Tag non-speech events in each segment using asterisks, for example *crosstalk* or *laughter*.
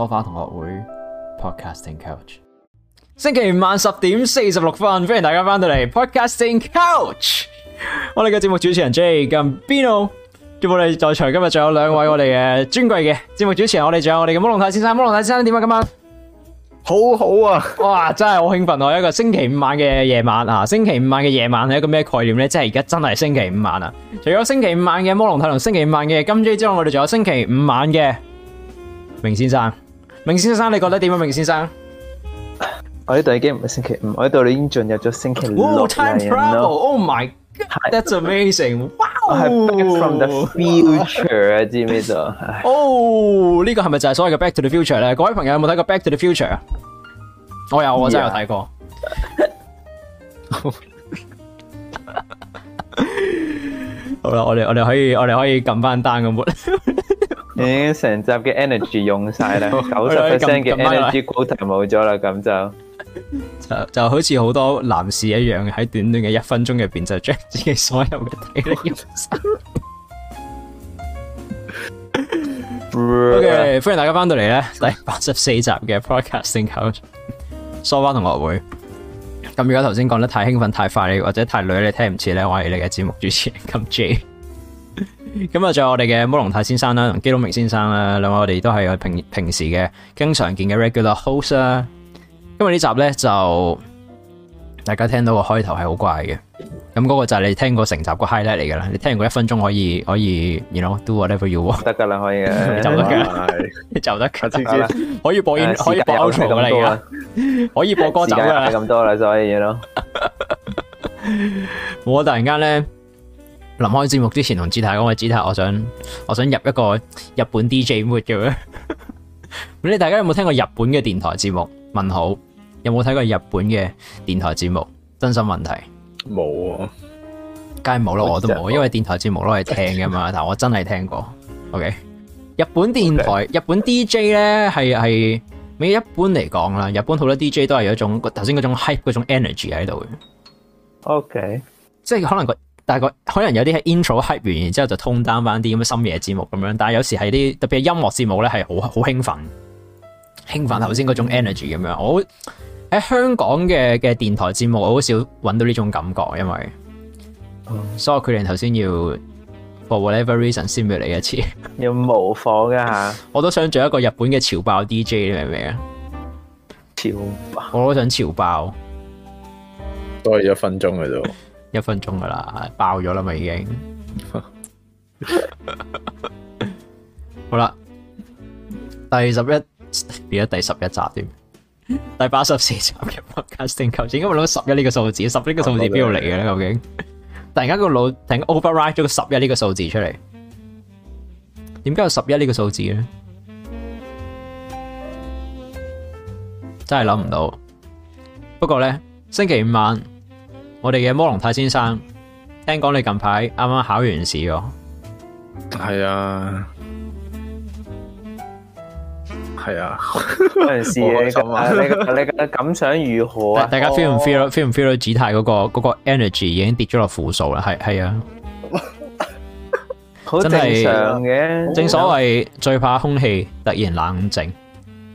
梳花同學會 Podcasting Coach，星期五晚十點四十六分，歡迎大家翻到嚟 Podcasting Coach。我哋嘅節目主持人 Jay Gumbino，亦都我哋在場今日仲有兩位我哋嘅尊貴嘅節目主持人。我哋仲有我哋嘅摩龍泰先生，摩龍泰先生點啊？今晚好好啊！哇，真係好興奮！我一個星期五晚嘅夜晚啊，星期五晚嘅夜晚係一個咩概念咧？即係而家真係星期五晚啊！除咗星期五晚嘅摩龍泰同星期五晚嘅金 Jay 之外，我哋仲有星期五晚嘅明先生。明先生你覺得點啊？明先生，我呢度已經唔係星期五，我呢度已經進入咗星期六。Time travel, oh my god, that's amazing！哇哦，Back from the future 啊，知唔知啊？哦，呢個係咪就係所謂嘅 Back to the future 咧？各位朋友有冇睇過 Back to the future 啊？我有，我真係有睇過。好啦，我哋我哋可以我哋可以撳翻單咁。.已經成集嘅 energy 用晒啦，九十 percent 嘅 energy 冇咗啦，咁就就、 *laughs* 就就好似好多男士一樣，喺短短嘅一分鐘入邊就將自己所有嘅體力用晒。 *laughs* *laughs* *laughs* OK，歡迎大家翻到嚟咧，第八十四集嘅 Podcasting Out，蘇班同學會。咁如果頭先講得太興奮太快，你或者太女你聽唔切咧，我係你嘅節目主持人，咁 Jay。咁啊，仲有我哋嘅摩龍泰先生啦，同基隆明先生啦，兩位我哋都係平平時嘅經常見嘅 regular host 啦。今日呢集咧就大家聽到個開頭係好怪嘅，咁嗰個就係你聽過成集個 highlight 嚟噶啦。你聽完個一分鐘可以可以，you know, do whatever you want，得噶啦，可以嘅，就得噶，你就得噶，可以播音，可以播長噶啦，而家 *laughs* 可以播歌仔啦，咁多嚟做啲嘢咯。所以 you know. *laughs* 我突然間咧。臨開節目之前同子泰講，子泰，我想我想入一個日本 DJ mood 嘅。咁你大家有冇聽過日本嘅電台節目？問好，有冇睇過日本嘅電台節目？真心問題，冇、啊。梗係冇咯，我都冇。因為電台節目都係聽噶嘛。 *laughs* 但係我真係聽過。O K。日本電台，okay. 日本 DJ 咧係係，你一般嚟講啦，日本好多 DJ 都係有一種頭先嗰種 hype 嗰種 energy 喺度嘅。O K。即係可能個。大概可能有啲係 intro hype 完，然之後就通 down 翻啲咁嘅深夜節目咁樣。但係有時係啲特別係音樂節目咧，係好好興奮，興奮頭先嗰種 energy 咁樣。我喺香港嘅嘅電台節目，我好少揾到呢種感覺，因為，嗯、所以佢哋頭先要 for whatever reason 先畀你一次，要模仿噶、啊、吓。我都想做一個日本嘅潮爆 DJ，你明唔明啊？潮爆，我都想潮爆。多咗一分鐘嘅啫。一分鐘噶啦，爆咗啦嘛，已經了了。 *laughs* 好啦，第十一變咗第十一集添，第八十四集嘅播卡點解會攞十一呢個數字，十一呢個數字邊度嚟嘅咧？究 *laughs* 竟突然間個腦突然間 override 咗個十一呢個數字出嚟，點解有十一這個數字呢個數字咧？真係諗唔到。不過咧，星期五晚。我哋嘅魔龍太先生，聽講你近排啱啱考完試喎？係啊，係啊，嗰陣時嘅咁啊， *laughs* 你覺得感想如何啊？大家 feel 唔 feel？feel、oh. 唔 feel 到紫泰嗰個、嗰個 energy 已經跌咗落負數啦？係係啊，真係好 *laughs* 正常嘅，正所謂最怕空氣 *laughs* 突然冷靜。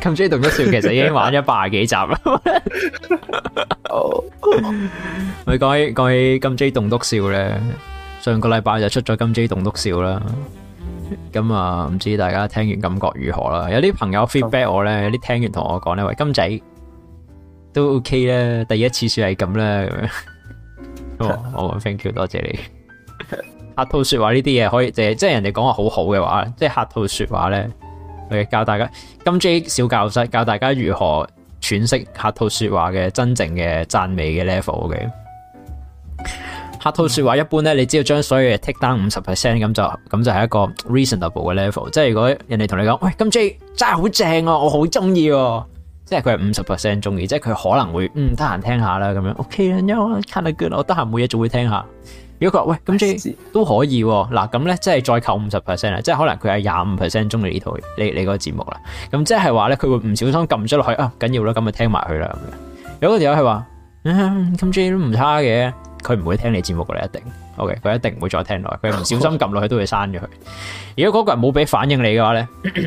金追棟篤笑其實已經玩咗八十幾集啦 *laughs* *laughs* 我講起講起金追棟篤笑咧，上個禮拜就出咗金追棟篤笑啦。咁啊，唔知大家聽完感覺如何啦？有啲朋友 feedback 我咧，有啲聽完同我講咧，喂，金仔都 OK 啦，第一次算係咁啦咁樣。我、哦、我、哦、thank you 多謝你客套，即係即係、客套說話呢啲嘢可以即係即係人哋講話好好嘅話，即係客套說話咧。Okay, 教大家金 J 小教室，教大家如何詮釋客套說話嘅真正嘅讚美嘅 level 嘅，okay? 客、mm -hmm. 套說話一般咧，你只要將所有嘢 take down 五十 percent 咁就咁就係一個 reasonable 嘅 level。即係如果人哋同你講喂金 J 真係好正啊，我好中意，啊，即係佢係五十 percent 中意，即係佢可能會嗯得閒聽下啦咁樣。O K 啊，又啊，can I o i 我得閒冇嘢就會聽下。如果佢話喂咁 J 都可以嗱，啊，咁咧即係再扣五十 percent 啦，即係可能佢係廿五 percent 中意呢套你你個節目啦。咁即係話咧，佢會唔小心撳咗落去啊，緊要啦，咁咪聽埋佢啦咁嘅。如果條友係話咁 J 都唔差嘅，佢唔會聽你節目嘅啦，一定。O.K. 佢一定唔會再聽落去，佢唔小心撳落去都會刪咗佢。如果嗰個人冇俾反應你嘅話咧。 *coughs*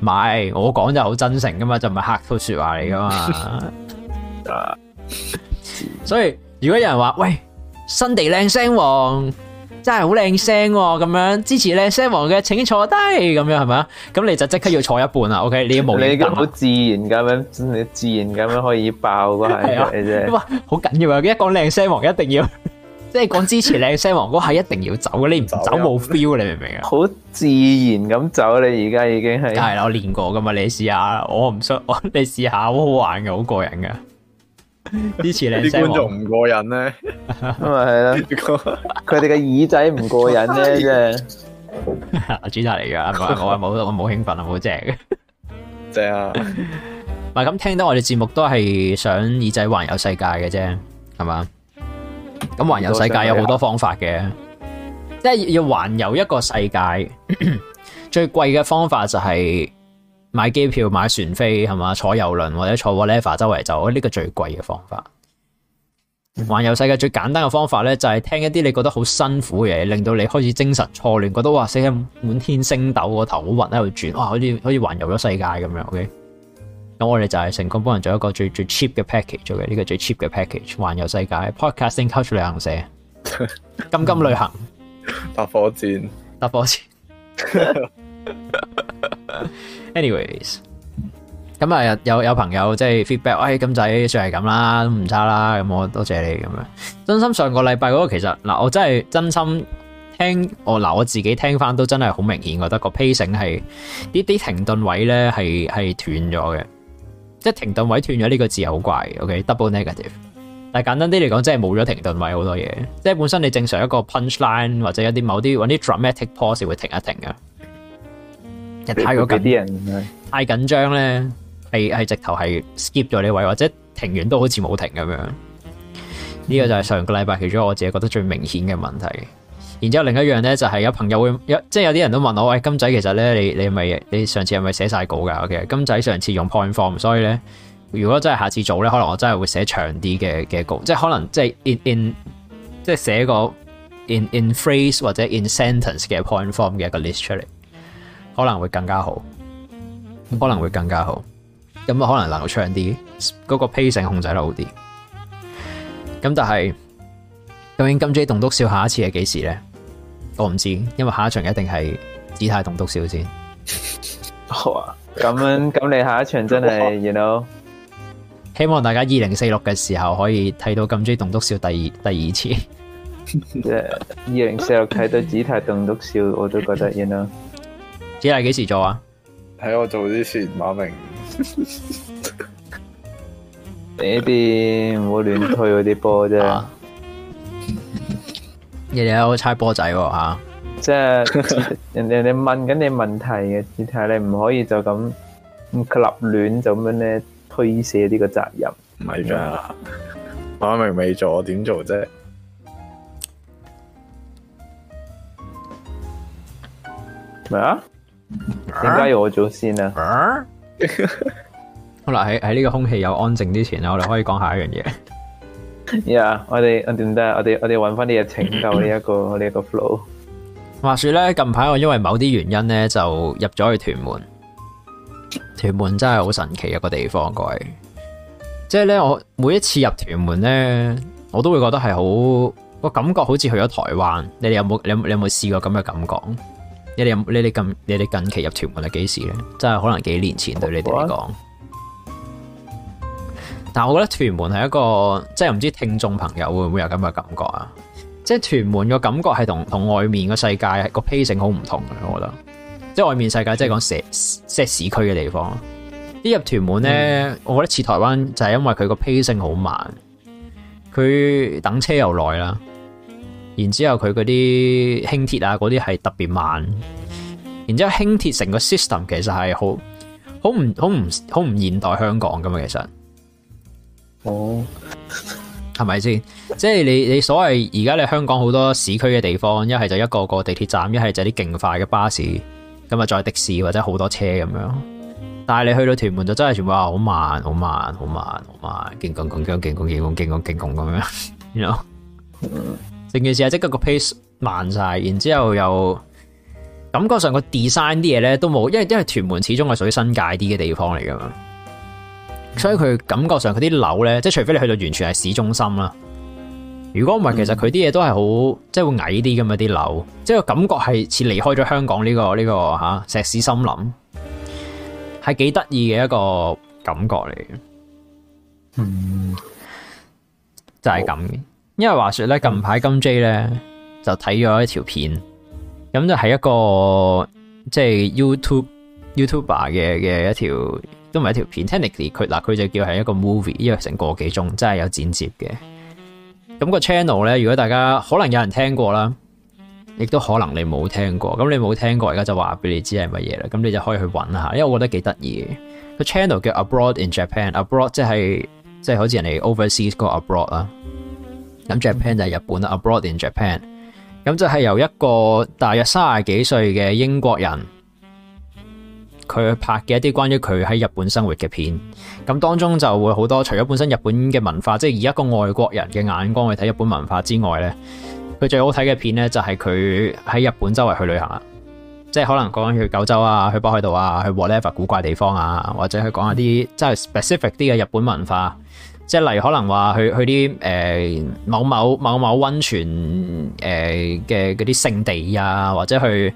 唔 *laughs* 係我講就好真誠噶嘛，就唔係客套說話嚟噶嘛。 *laughs* 所以如果有人話喂，新地靚聲王真係好靚聲咁樣支持靚聲王嘅，請坐低咁樣係咪啊？咁你就即刻要坐一半啦。 *laughs* OK，你要無理好、啊、自然咁樣，你自然咁樣可以爆那個係咪啫？哇，好緊要啊！一講靚聲王一定要。 *laughs* 即係講支持你聲 *laughs* 王哥係一定要走嘅，你唔走冇 feel，你明唔明啊？好自然咁走，你而家已經係係啦，我練過噶嘛？你試下，我唔想，你試下好好玩嘅，好過癮嘅。之前啲觀眾唔過癮咧、啊，咪 *laughs* 係、嗯、啦？佢哋嘅耳仔唔過癮啫，啫。 *laughs* *laughs* 阿朱達嚟噶係嘛？我係冇，我冇興奮啊，冇 *laughs* *laughs* 正好。正 *laughs* 啊、嗯！咪咁聽到我哋節目都係想耳仔環遊世界嘅啫，係嘛？咁環遊世界有好多方法嘅、啊，即係要環遊一個世界咳咳最貴嘅方法就係買機票、買船飛係嘛？坐郵輪或者坐 whatever 周圍走，呢、這個最貴嘅方法。環遊世界最簡單嘅方法咧就係、是、聽一啲你覺得好辛苦嘅嘢，令到你開始精神錯亂，覺得哇死喺滿天星斗個頭好暈喺度轉，哇好似好似環遊咗世界咁樣。Okay? 咁我哋就係成功幫人做一個最最 cheap 嘅 package 做嘅，呢個最 cheap 嘅 package 環遊世界 Podcasting Culture 旅行社， *laughs* 金金旅行搭火箭搭火箭。火箭 *laughs* Anyways，咁啊有有朋友即係 feedback，喂、哎、金仔算是這樣，算係咁啦，唔差啦，咁我多謝你咁樣。真心上個禮拜嗰個其實嗱，我真係真心聽我嗱我自己聽翻都真係好明顯，我覺得個 pacing 係啲啲停頓位咧係係斷咗嘅。即停頓位斷咗呢個字好怪 OK? Double negative，但係簡單啲嚟講，即係冇咗停頓位好多嘢。即係本身你正常一個 punchline 或者一啲某啲搵啲 dramatic pause 會停一停嘅。太緊啲人，太緊張咧，係係直頭係 skip 咗呢位，或者停完都好似冇停咁樣。呢個就係上個禮拜其中我自己覺得最明顯嘅問題。然之後另一樣咧就係、是、有朋友會有即係有啲人都問我喂、哎、金仔其實咧你你咪你上次係咪寫晒稿噶？嘅、okay? 金仔上次用 point form，所以咧如果真係下次做咧，可能我真係會寫長啲嘅嘅稿，即係可能即係 in in 即係寫個 in in phrase 或者 in sentence 嘅 point form 嘅一個 list 出嚟，可能會更加好，可能會更加好，咁啊可能流長啲，嗰、那個 pace 控制得好啲，咁但係究竟金仔棟篤笑下一次係幾時咧？我唔知道，因為下一場一定係子泰棟篤笑先。好 *laughs* 啊，咁樣，咁你下一場真係 *laughs* You know ?希望大家二零四六嘅時候可以睇到咁中意棟篤笑第，第二次。二零四六睇到子泰棟篤笑，我都覺得熱鬧。子泰幾時做啊？喺我做之前馬明， *laughs* *laughs* 你啲唔好亂推嗰啲波啫。你喺度猜波仔喎吓，即係人哋問緊你問題嘅，你睇下你唔可以就咁立亂就咁樣咧推卸呢個責任。唔係噶，我明未做，我點做啫？咩啊？點解要我做先啊？ *laughs* 好啦，喺喺呢個空氣又安靜之前咧，我哋可以講下一樣嘢。呀、 *laughs* yeah！我哋我點我哋我哋揾翻啲嘢拯救呢、呢、一個我呢一個 flow。話說咧，近排我因為某啲原因咧，就入咗去屯門。屯門真係好神奇一個地方，各位。即係咧，我每一次入屯門咧，我都會覺得係好、個感覺，好似去咗台灣。你哋有冇你你有冇試過咁嘅感覺？你哋有你哋近你哋近期入屯門係幾時咧？真係可能幾年前對你哋嚟講。What? 但我覺得屯門係一個即係唔知聽眾朋友會唔會有咁嘅感覺啊？即、就、係、是、屯門個感覺係同同外面個世界個 pace 好唔同嘅。我覺得即係、就是、外面世界即係講石屎市區嘅地方，一入屯門咧、嗯，我覺得似台灣就係、是、因為佢個 pace 好慢，佢等車又耐啦。然之後佢嗰啲輕鐵啊，嗰啲係特別慢。然之後輕鐵成個 system 其實係好好唔好唔好唔現代香港㗎嘛，其實。哦，係咪先？即係你你所謂而家你香港好多市區嘅地方，一係就是一個個地鐵站，是一係就啲勁快嘅巴士，咁日再的士或者好多車咁樣。但係你去到屯門就真係全部話好慢，好慢，好慢，好慢，勁拱拱鏘，勁拱勁拱，咁樣，你知道？成件事係即刻個 pace 慢晒，然之後又感覺上個 design 啲嘢咧都冇，因為因為屯門始終係屬於新界啲嘅地方嚟噶嘛。所以佢感覺上佢啲樓咧，即係除非你去到完全係市中心啦。如果唔係，其實佢啲嘢都係好，即係會矮啲咁、這個這個、啊！啲樓，即係個感覺係似離開咗香港呢個呢個吓石屎森林，係幾得意嘅一個感覺嚟嘅。嗯，就係咁嘅。因為話說咧，近排金 J 咧就睇咗一條片，咁就係一個即係、就是、YouTube YouTuber 嘅嘅一條。都係一條片，technically 佢嗱佢就叫係一個 movie，因為成個幾鐘，真係有剪接嘅。咁、個 channel 咧，如果大家可能有人聽過啦，亦都可能你冇聽過。咁你冇聽過，而家就話俾你知係乜嘢啦。咁你就可以去揾下，因為我覺得幾得意嘅。個 channel 叫 abroad in Japan，abroad 即係即係好似人哋 overseas 嗰個 abroad 啦。咁 Japan 就係日本啦，abroad in Japan。咁就係、是就是、由一個大約三十幾歲嘅英國人。佢拍嘅一啲關於佢喺日本生活嘅片，咁當中就會好多除咗本身日本嘅文化，即係以一個外國人嘅眼光去睇日本文化之外咧，佢最好睇嘅片咧就係佢喺日本周圍去旅行啦，即係可能講講去九州啊，去北海道啊，去 whatever 古怪地方啊，或者去講下啲即係 specific 啲嘅日本文化，即係例如可能話去去啲誒、呃、某，某，某某某某溫泉誒嘅嗰啲聖地啊，或者去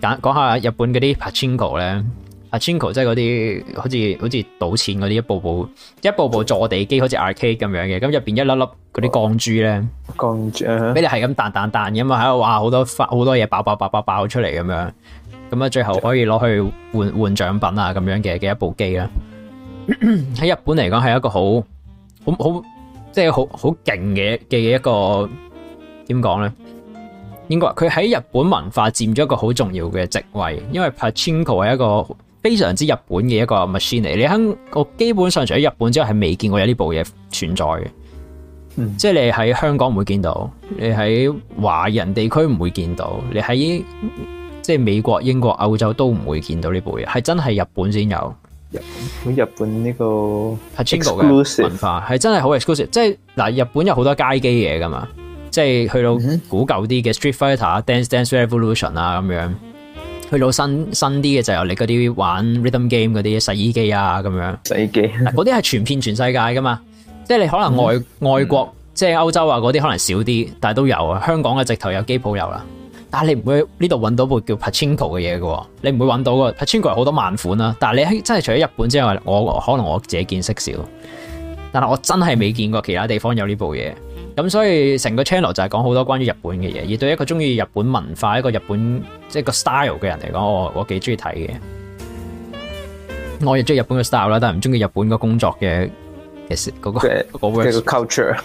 講講下日本嗰啲 pachinko 咧。Pachinko 即係嗰啲好似好似賭錢嗰啲，一步步一步步坐地機，好似 r k 咁樣嘅。咁入面一粒粒嗰啲鋼珠咧，鋼珠俾你係咁彈，彈彈彈，咁啊喺度哇好多發好多嘢爆，爆爆爆爆爆出嚟咁樣，咁啊最後可以攞去換、oh. 換，換獎品啊咁樣嘅嘅一部機啦。喺、oh. *coughs* 日本嚟講係一個好好好即係好好勁嘅嘅一個點講咧？應該佢喺日本文化佔咗一個好重要嘅職位，因為 Pachinko 係一個。非常之日本嘅一個 machine 嚟，你喺我基本上除咗日本之外，係未見過有呢部嘢存在嘅、嗯。即係你喺香港唔會見到，你喺華人地區唔會見到，你喺即係美國、英國、歐洲都唔會見到呢部嘢，係真係日本先有。日本、日本呢、這個 exclusive 嘅文化，係真係好 exclusive。是 exclusive, 即係嗱，日本有好多街機嘢噶嘛，即係去到古舊啲嘅 Street Fighter、Dance Dance Revolution 啊咁樣。去到新新啲嘅就由你嗰啲玩 rhythm game 嗰啲洗衣機啊咁樣，洗衣機嗱嗰啲係全遍全世界㗎嘛，即係你可能外、嗯、外國、嗯、即係歐洲啊嗰啲可能少啲，但都有啊。香港嘅直頭有機鋪有啦，但你唔會呢度揾到部叫 Pachinko 嘅嘢㗎喎，你唔會揾到個 Pachinko 係好多萬款啦。但你真係除咗日本之外，我可能我自己見識少，但係我真係未見過其他地方有呢部嘢。咁所以成個 channel 就係講好多關於日本嘅嘢，而對一個中意日本文化、一個日本即係個 style 嘅人嚟講，我我幾中意睇嘅。我亦中意日本嘅 style 啦，但係唔中意日本個工作嘅，其實嗰、嗰個嗰個 work、嗰個、culture。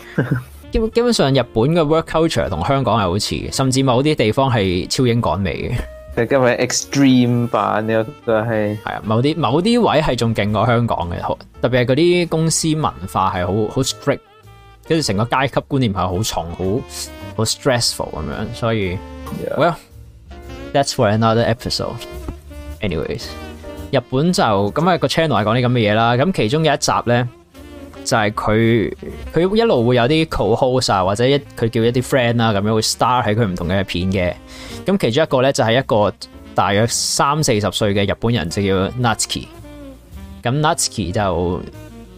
基本基本上日本嘅 work culture 同香港係好似嘅，甚至某啲地方係超英趕美嘅。佢今日 extreme 版嘅就係，係啊，某啲某啲位係仲勁過香港嘅，好特別係嗰啲公司文化係好好跟住成個階級觀念係好重，好好 stressful 咁樣，所以、yeah，Well，that's for another episode. Anyways，日本就咁啊、嗰個 channel 係講啲咁嘅嘢啦。咁其中有一集咧，就係佢佢一路會有啲 co-host 啊，或者一佢叫一啲 friend 啦咁樣會 star 喺佢唔同嘅片嘅。咁其中一個咧就係、是、一個大約三四十歲嘅日本人，就叫 Natsuki。咁 Natsuki 就。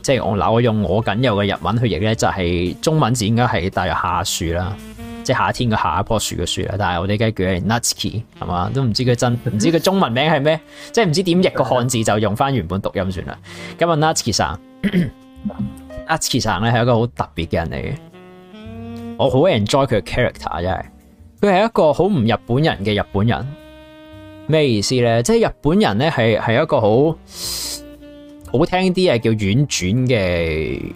即係我嗱，我用我僅有嘅日文去譯咧，就係中文字應該係大約夏樹啦，即、就、係、是、夏天嘅夏，一棵樹嘅樹啦。但係我哋嘅叫佢 Natsuki，係嘛？都唔知佢真，唔知佢中文名係咩，即係唔知點譯個漢字就用翻原本讀音算啦。咁問 Natsuki 阿 Natsuki 咧係一個好特別嘅人嚟嘅，我好 enjoy 佢嘅 character 真係，佢係一個好唔日本人嘅日本人。咩意思咧？即、就、係、是、日本人咧係係一個好。好聽啲係叫婉轉嘅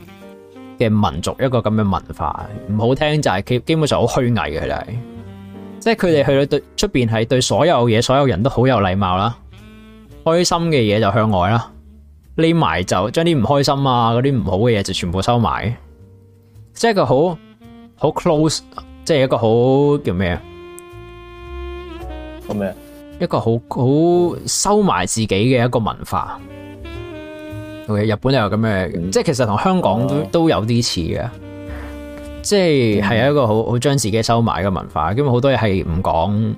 嘅民族一個咁嘅文化，唔好聽就係佢基本上好虛偽嘅，佢哋，即係佢哋去到對出邊係對所有嘢、所有人都好有禮貌啦，開心嘅嘢就向外啦，匿埋就將啲唔開心啊嗰啲唔好嘅嘢就全部收埋，即係一個好好 close，即係一個好叫咩啊？個咩？一個好好收埋自己嘅一個文化。日本又有咁嘅、嗯，即係其實同香港都、嗯、都有啲似嘅，即係係一個好好將自己收埋嘅文化，咁好多嘢係唔講，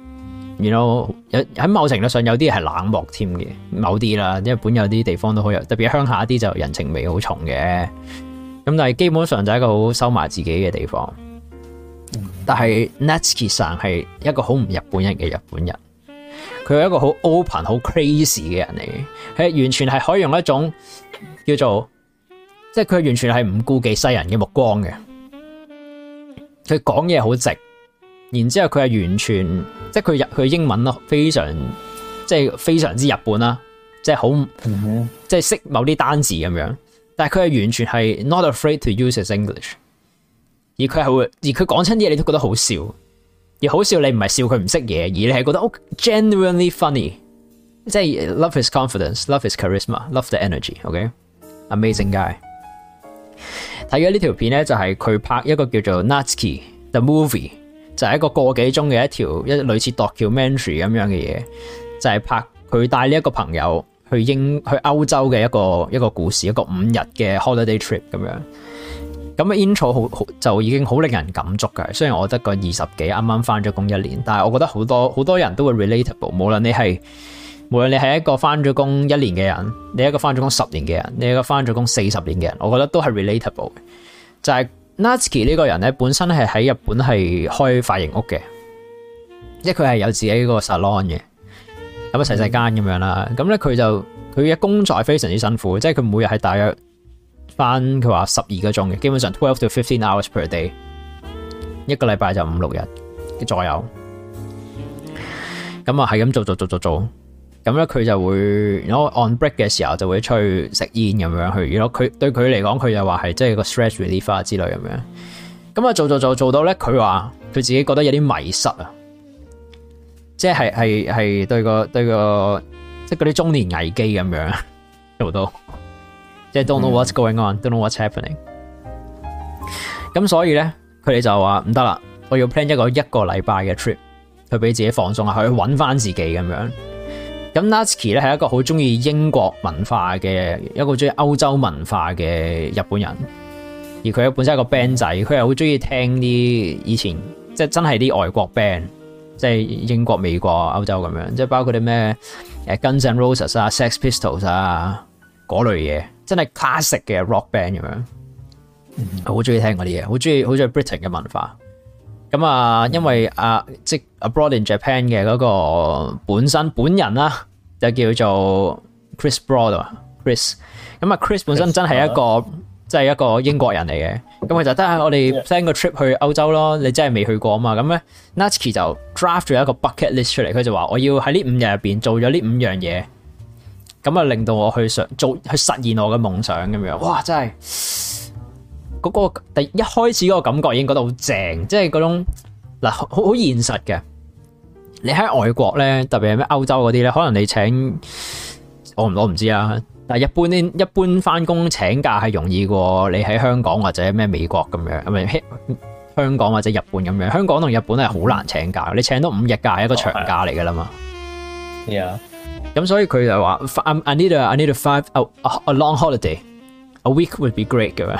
然後喺某程度上有啲係冷漠添嘅，某啲啦，日本有啲地方都好有，特別鄉下啲就人情味好重嘅，咁但係基本上就係一個好收埋自己嘅地方，但係 Natsuki 係一個好唔日本人嘅日本人，佢係一個好 open 很 crazy、好 crazy 嘅人嚟嘅，係完全係可以用一種。叫做，即係佢完全係唔顧忌世人嘅目光嘅，佢講嘢好直，然之後佢係完全，即係佢日佢英文啦，非常即係非常之日本啦，即係好，mm -hmm. 即係識某啲單詞咁樣，但係佢係完全係 not afraid to use his English，而佢係會，而佢講親啲嘢你都覺得好笑，而好笑你唔係笑佢唔識嘢，而你係覺得哦 genuinely funny，即係 love his confidence，love his charisma，love the energy，ok、okay？Amazing guy，睇咗呢條片咧就係、是、佢拍一個叫做 Natsuki The Movie，就係一個個幾鐘嘅一條一類似 documentary 咁樣嘅嘢，就係、是、拍佢帶呢一個朋友去英去歐洲嘅一個一個故事，一個五日嘅 holiday trip 咁樣。咁嘅 intro 好就已經好令人感觸噶。雖然我覺得個二十幾，啱啱返咗工一年，但係我覺得好多好多人都會 relatable，無論你係。無論你係一個翻咗工一年嘅人，你一個翻咗工十年嘅人，你一個翻咗工四十年嘅人，我覺得都係 relatable 嘅。就係、是、Natsuki 呢個人咧，本身係喺日本係開髮型屋嘅，即係佢係有自己個 salon 嘅，咁啊細細間咁樣啦。咁咧佢就佢嘅工作係非常之辛苦，即係佢每日係大約翻佢話十二個鐘嘅，基本上 twelve to fifteen hours per day，一個禮拜就五六日嘅左右。咁啊係咁做做做做做。做做做做咁咧佢就會攞 you know, on break 嘅時候就會出去食煙咁樣去咯。佢對佢嚟講，佢又話係即係個 stress reliever 之類咁樣。咁啊做做做做到咧，佢話佢自己覺得有啲迷失啊，即係係係對個對個即係嗰啲中年危機咁樣做到。即 *laughs* 係 don't know what's going on，don't know what's happening。咁所以咧，佢哋就話唔得啦，我要 plan 一個一個禮拜嘅 trip 去俾自己放鬆下，去揾翻自己咁樣。咁 Natsuki 咧係一個好中意英國文化嘅一個中意歐洲文化嘅日本人，而佢本身係一個 band 仔，佢又好中意聽啲以前即係真係啲外國 band，即係英國、美國、歐洲咁樣，即係包括啲咩誒 Guns N' Roses 啊、Sex Pistols 啊嗰類嘢，真係 classic 嘅 rock band 咁樣，好中意聽嗰啲嘢，好中意好中意 Britain 嘅文化。咁啊，因為阿、啊、即係 Abroad in Japan 嘅嗰個本身本人啦，就叫做 Chris Broad r c h r i s 咁啊，Chris 本身真係一個即係一個英國人嚟嘅。咁佢就得係、啊、我哋 plan 個 trip 去歐洲咯。你真係未去過啊嘛？咁咧 n a t s k i 就 draft 咗一個 bucket list 出嚟，佢就話我要喺呢五日入邊做咗呢五樣嘢，咁啊令到我去實做去實現我嘅夢想咁樣。哇，真係！嗰、嗰個第一開始嗰個感覺已經覺得好正，即係嗰種嗱好好現實嘅。你喺外國咧，特別係咩歐洲嗰啲咧，可能你請我唔攞唔知啊。但係一般咧，一般翻工請假係容易過你喺香港或者咩美國咁樣，咁咪香港或者日本咁樣。香港同日本係好難請假、嗯，你請到五日假係一個長假嚟噶啦嘛。咩啊？咁所以佢就話：I need a I need a five a long holiday. A week would be great，噶。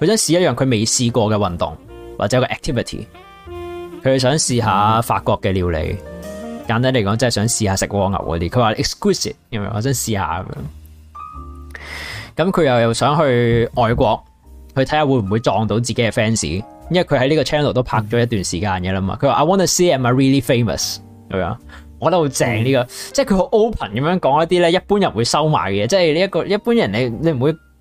佢想試一樣佢未試過嘅運動或者個 activity，佢想試下法國嘅料理。簡單嚟講，即係想試下食蝸牛嗰啲。佢話 exquisite，因為我想試下咁樣。咁佢又又想去外國去睇下會唔會撞到自己嘅 fans，因為佢喺呢個 channel 都拍咗一段時間嘅啦嘛。佢話 I want to see am I really famous，咁樣我覺得好正呢個，即係佢好 open 咁樣講一啲咧一般人會收埋嘅嘢，即係呢一個一般人你你唔會。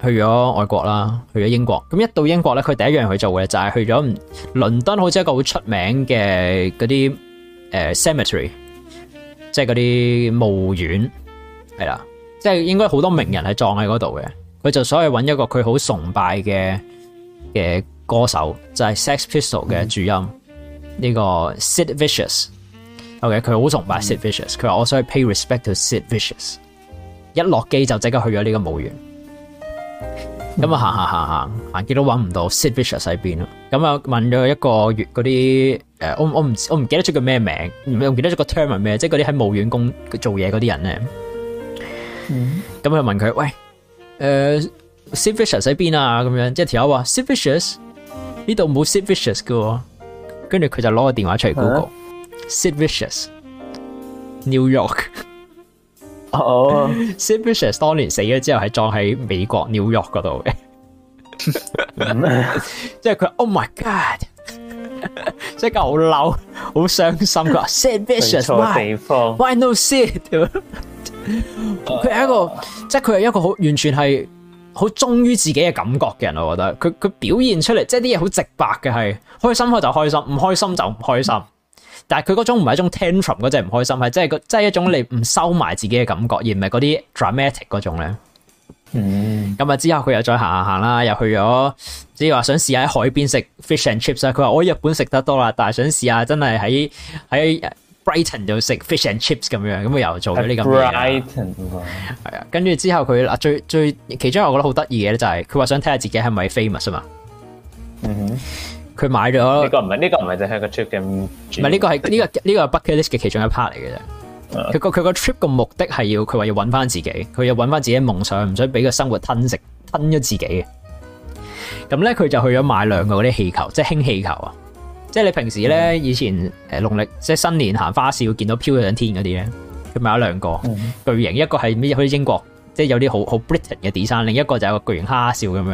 去咗外國啦，去咗英國。咁一到英國咧，佢第一樣去做嘅就係去咗倫敦，好似一個好出名嘅嗰啲誒 cemetery，即係嗰啲墓園，係啦。即係應該好多名人係葬喺嗰度嘅。佢就所以揾一個佢好崇拜嘅嘅歌手，就係 Sex Pistols 嘅主音呢、嗯這個 Sid Vicious。OK，佢好崇拜 Sid Vicious，佢、嗯、話我想去 pay respect to Sid Vicious。一落機就即刻去咗呢個墓園。咁啊行行行行行，見都揾唔到，Sid Vicious 喺邊啦。咁啊問咗一個月嗰啲誒，我我唔我唔記得出個咩名，唔又唔記得咗個 term 係咩，即係嗰啲喺墓園工做嘢嗰啲人咧。咁啊問佢喂，誒，Sid Vicious 喺邊啊？咁樣即係條友話 Sid Vicious 呢度冇 Sid Vicious 嘅，跟住佢就攞個電話出嚟 Google，Sid Vicious New York。哦，Saint Vincent 當年死咗之後係葬喺美國紐約嗰度嘅。即係佢，Oh my God，即係佢好嬲、好傷心噶。Saint Vincent，錯地方，Why no see？佢係一個，即係佢係一個好完全係好忠於自己嘅感覺嘅人，我覺得佢。佢佢表現出嚟，即係啲嘢好直白嘅，係開心開就開心，唔開心就唔開心。 *laughs* 但係佢嗰種唔係一種 tantrum 嗰隻唔開心，係即係即係一種你唔收埋自己嘅感覺，而唔係嗰啲 dramatic 嗰種咧。嗯。咁啊之後佢又再行下行啦，又去咗，即係話想試下喺海邊食 fish and chips 啊。佢話我喺日本食得多啦，但係想試下真係喺喺 Brighton 就食 fish and chips 咁樣，咁又做咗啲咁嘢。Brighton。係啊，跟住之後佢啊最最其中我覺得好得意嘅咧就係佢話想睇下自己係咪 famous 啊嘛。嗯哼。佢買咗呢、這個唔係呢個唔係就係個 trip 嘅唔係呢個係呢、這個呢、這個 bucket list 嘅其中一 part 嚟嘅啫。佢、啊、個佢個 trip 嘅目的係要佢話要揾翻自己，佢要揾翻自己嘅夢想，唔想俾個生活吞食吞咗自己嘅。咁咧佢就去咗買兩個嗰啲氣球，即係氫氣球啊！即係你平時咧、嗯、以前誒、呃、農曆即係新年行花市會見到飄上天嗰啲咧，佢買咗兩個、嗯、巨型，一個係咩？去英國。即係有啲好好 Britain 嘅 design，另一個就係個巨型哈笑咁樣。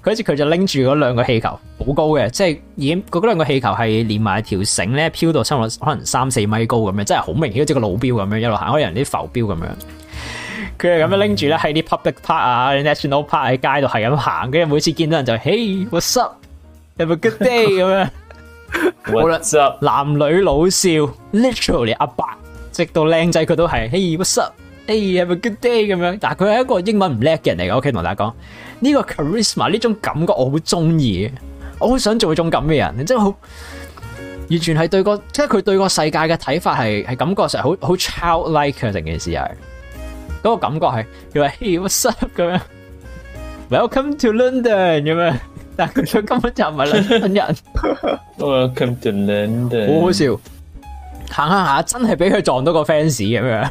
佢好似佢就拎住嗰兩個氣球，好高嘅，即係已經嗰兩個氣球係連埋條繩咧，飄到差唔多可能三四米高咁樣，真係好明顯好似個路標咁樣一路行，好似人啲浮標咁、嗯、樣。佢係咁樣拎住咧喺啲 public park 啊 national park 喺街度係咁行，跟住每次見到人就嘿、hey, what's up，have a good day 咁樣。冇啦，男女老少，literally 阿伯，直到靚仔佢都係 y、hey, what's up。哎，Have a good day 咁樣，但係佢係一個英文唔叻嘅人嚟嘅。我 OK 同大家講，呢個 charisma 呢種感覺我好中意，我好想做種咁嘅人。你真係好，完全係對個即係佢對個世界嘅睇法係係感覺成好好 childlike 成件事係，嗰個感覺係佢話 Hey what's up 咁樣，Welcome to London 咁樣，但佢根本就唔係 London 人。Welcome to London，好好笑，行下行下，真係俾佢撞到個 fans 咁樣。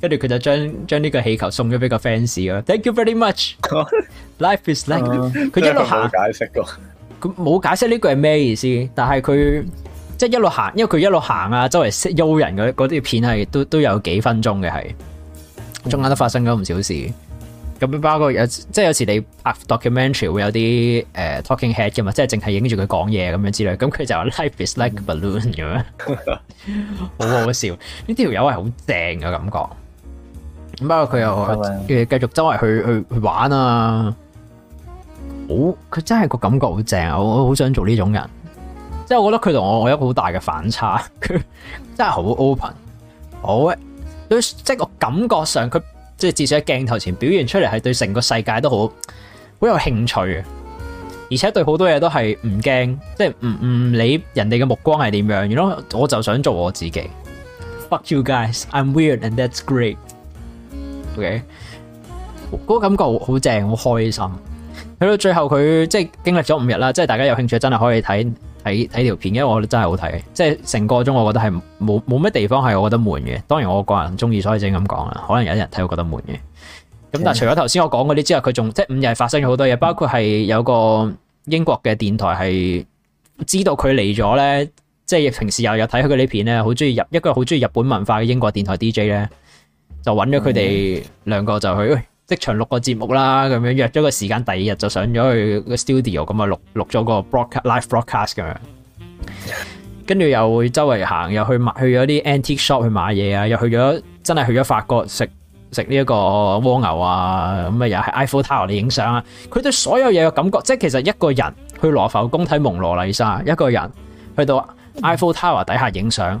跟住佢就將將呢個氣球送咗俾個 fans Thank you very much。 *laughs* Life is like 佢、uh, 一路行， *laughs* 解釋㗎。佢冇解釋呢句係咩意思？但係佢即係一路行，因為佢一路行啊，周圍幽人嗰嗰啲片係都都有幾分鐘嘅，係中間都發生咗唔少事。咁包括有即係有時你拍 documentary 會有啲誒、uh, talking head 噶嘛，即係淨係影住佢講嘢咁樣之類。咁佢就話 life is like a balloon 咁 *laughs* 樣， *laughs* *laughs* *laughs* *laughs* 好好笑。呢條友係好正嘅感覺。不過佢又繼續周圍去 *music* 去去，去玩啊，好、oh, 佢真係個感覺好正啊，我好想做呢種人，即係我覺得佢同我我一個好大嘅反差，佢 *laughs* 真係好 open，好，佢、oh, 即係我感覺上佢即係至少喺鏡頭前表現出嚟係對成個世界都好好有興趣，而且對好多嘢都係唔驚，即係唔唔理人哋嘅目光係點樣，原來我就想做我自己。Fuck you guys, I'm weird and that's great. 嘅，嗰個感覺好正，好開心。去到最後佢即係經歷咗五日啦，即係大家有興趣真係可以睇睇睇條片，因為我覺得真係好睇，即係成個鐘我覺得係冇冇咩地方係我覺得悶嘅。當然我個人中意，所以先咁講啦。可能有啲人睇我覺得悶嘅。咁但係除咗頭先我講嗰啲之外，佢仲即係五日發生咗好多嘢，包括係有個英國嘅電台係知道佢嚟咗咧，即係平時又有睇佢啲片咧，好中意日一個好中意日本文化嘅英國電台 DJ 咧。就揾咗佢哋兩個就去即場錄個節目啦，咁樣約咗個時間，第二日就上咗去個 studio 咁啊錄錄咗個 broadcast live broadcast 咁樣，跟住又會周圍行，又去買去咗啲 antique shop 去買嘢啊，又去咗真係去咗法國食食呢一個蝸牛啊，咁啊又係 Eiffel Tower 嚟影相啊，佢對所有嘢嘅感覺，即係其實一個人去羅浮宮睇蒙羅麗莎，一個人去到 Eiffel Tower 底下影相。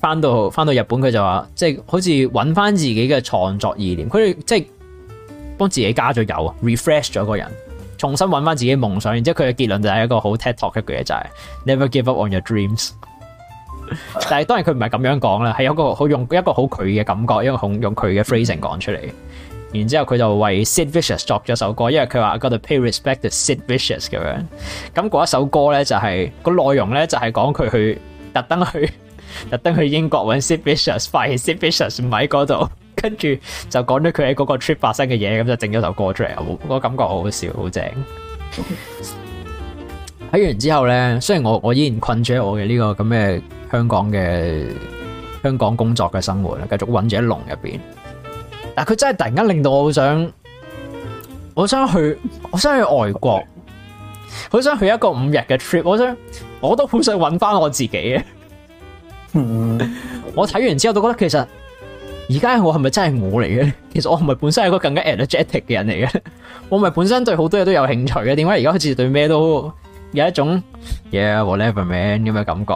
翻到翻到日本他說。佢就話，即係好似搵翻自己嘅創作意念，佢即係幫自己加咗油啊，refresh 咗個人，重新搵翻自己夢想。然之後佢嘅結論就係一個好 TED Talk 嘅嘢，就係、是、never give up on your dreams。 *laughs* 但係當然佢唔係咁樣講啦，係有個好用一個好佢嘅感覺，一個用用佢嘅 phrasing 講出嚟。然之後佢就為 Sid Vicious 作咗首歌，因為佢話覺得 pay respect to Sid Vicious 咁樣。咁嗰一首歌咧就係、是那個內容咧就係講佢去特登去。特登去英國揾 Sid Vicious，發現 Sid Vicious 唔喺嗰度，跟住就講咗佢喺嗰個 trip 發生嘅嘢，咁就整咗首歌出嚟，我、那個、感覺好好笑，好正。睇、okay. 完之後呢，雖然我我依然困住喺我嘅呢、這個咁嘅香港嘅香港工作嘅生活，繼續穩住喺籠入邊，但佢真係突然間令到我好想，我想去，我想去外國，好、okay. 想去一個五日嘅 trip，我想我都好想搵返我自己嘅。 *music* *music* 我睇完之後都覺得其實，而家我係咪真係我嚟嘅？其實我唔係本身係個更加 energetic 嘅人嚟嘅，我唔係本身對好多嘢都有興趣嘅。點解而家好似對咩都有一種 yeah whatever man 咁嘅感覺？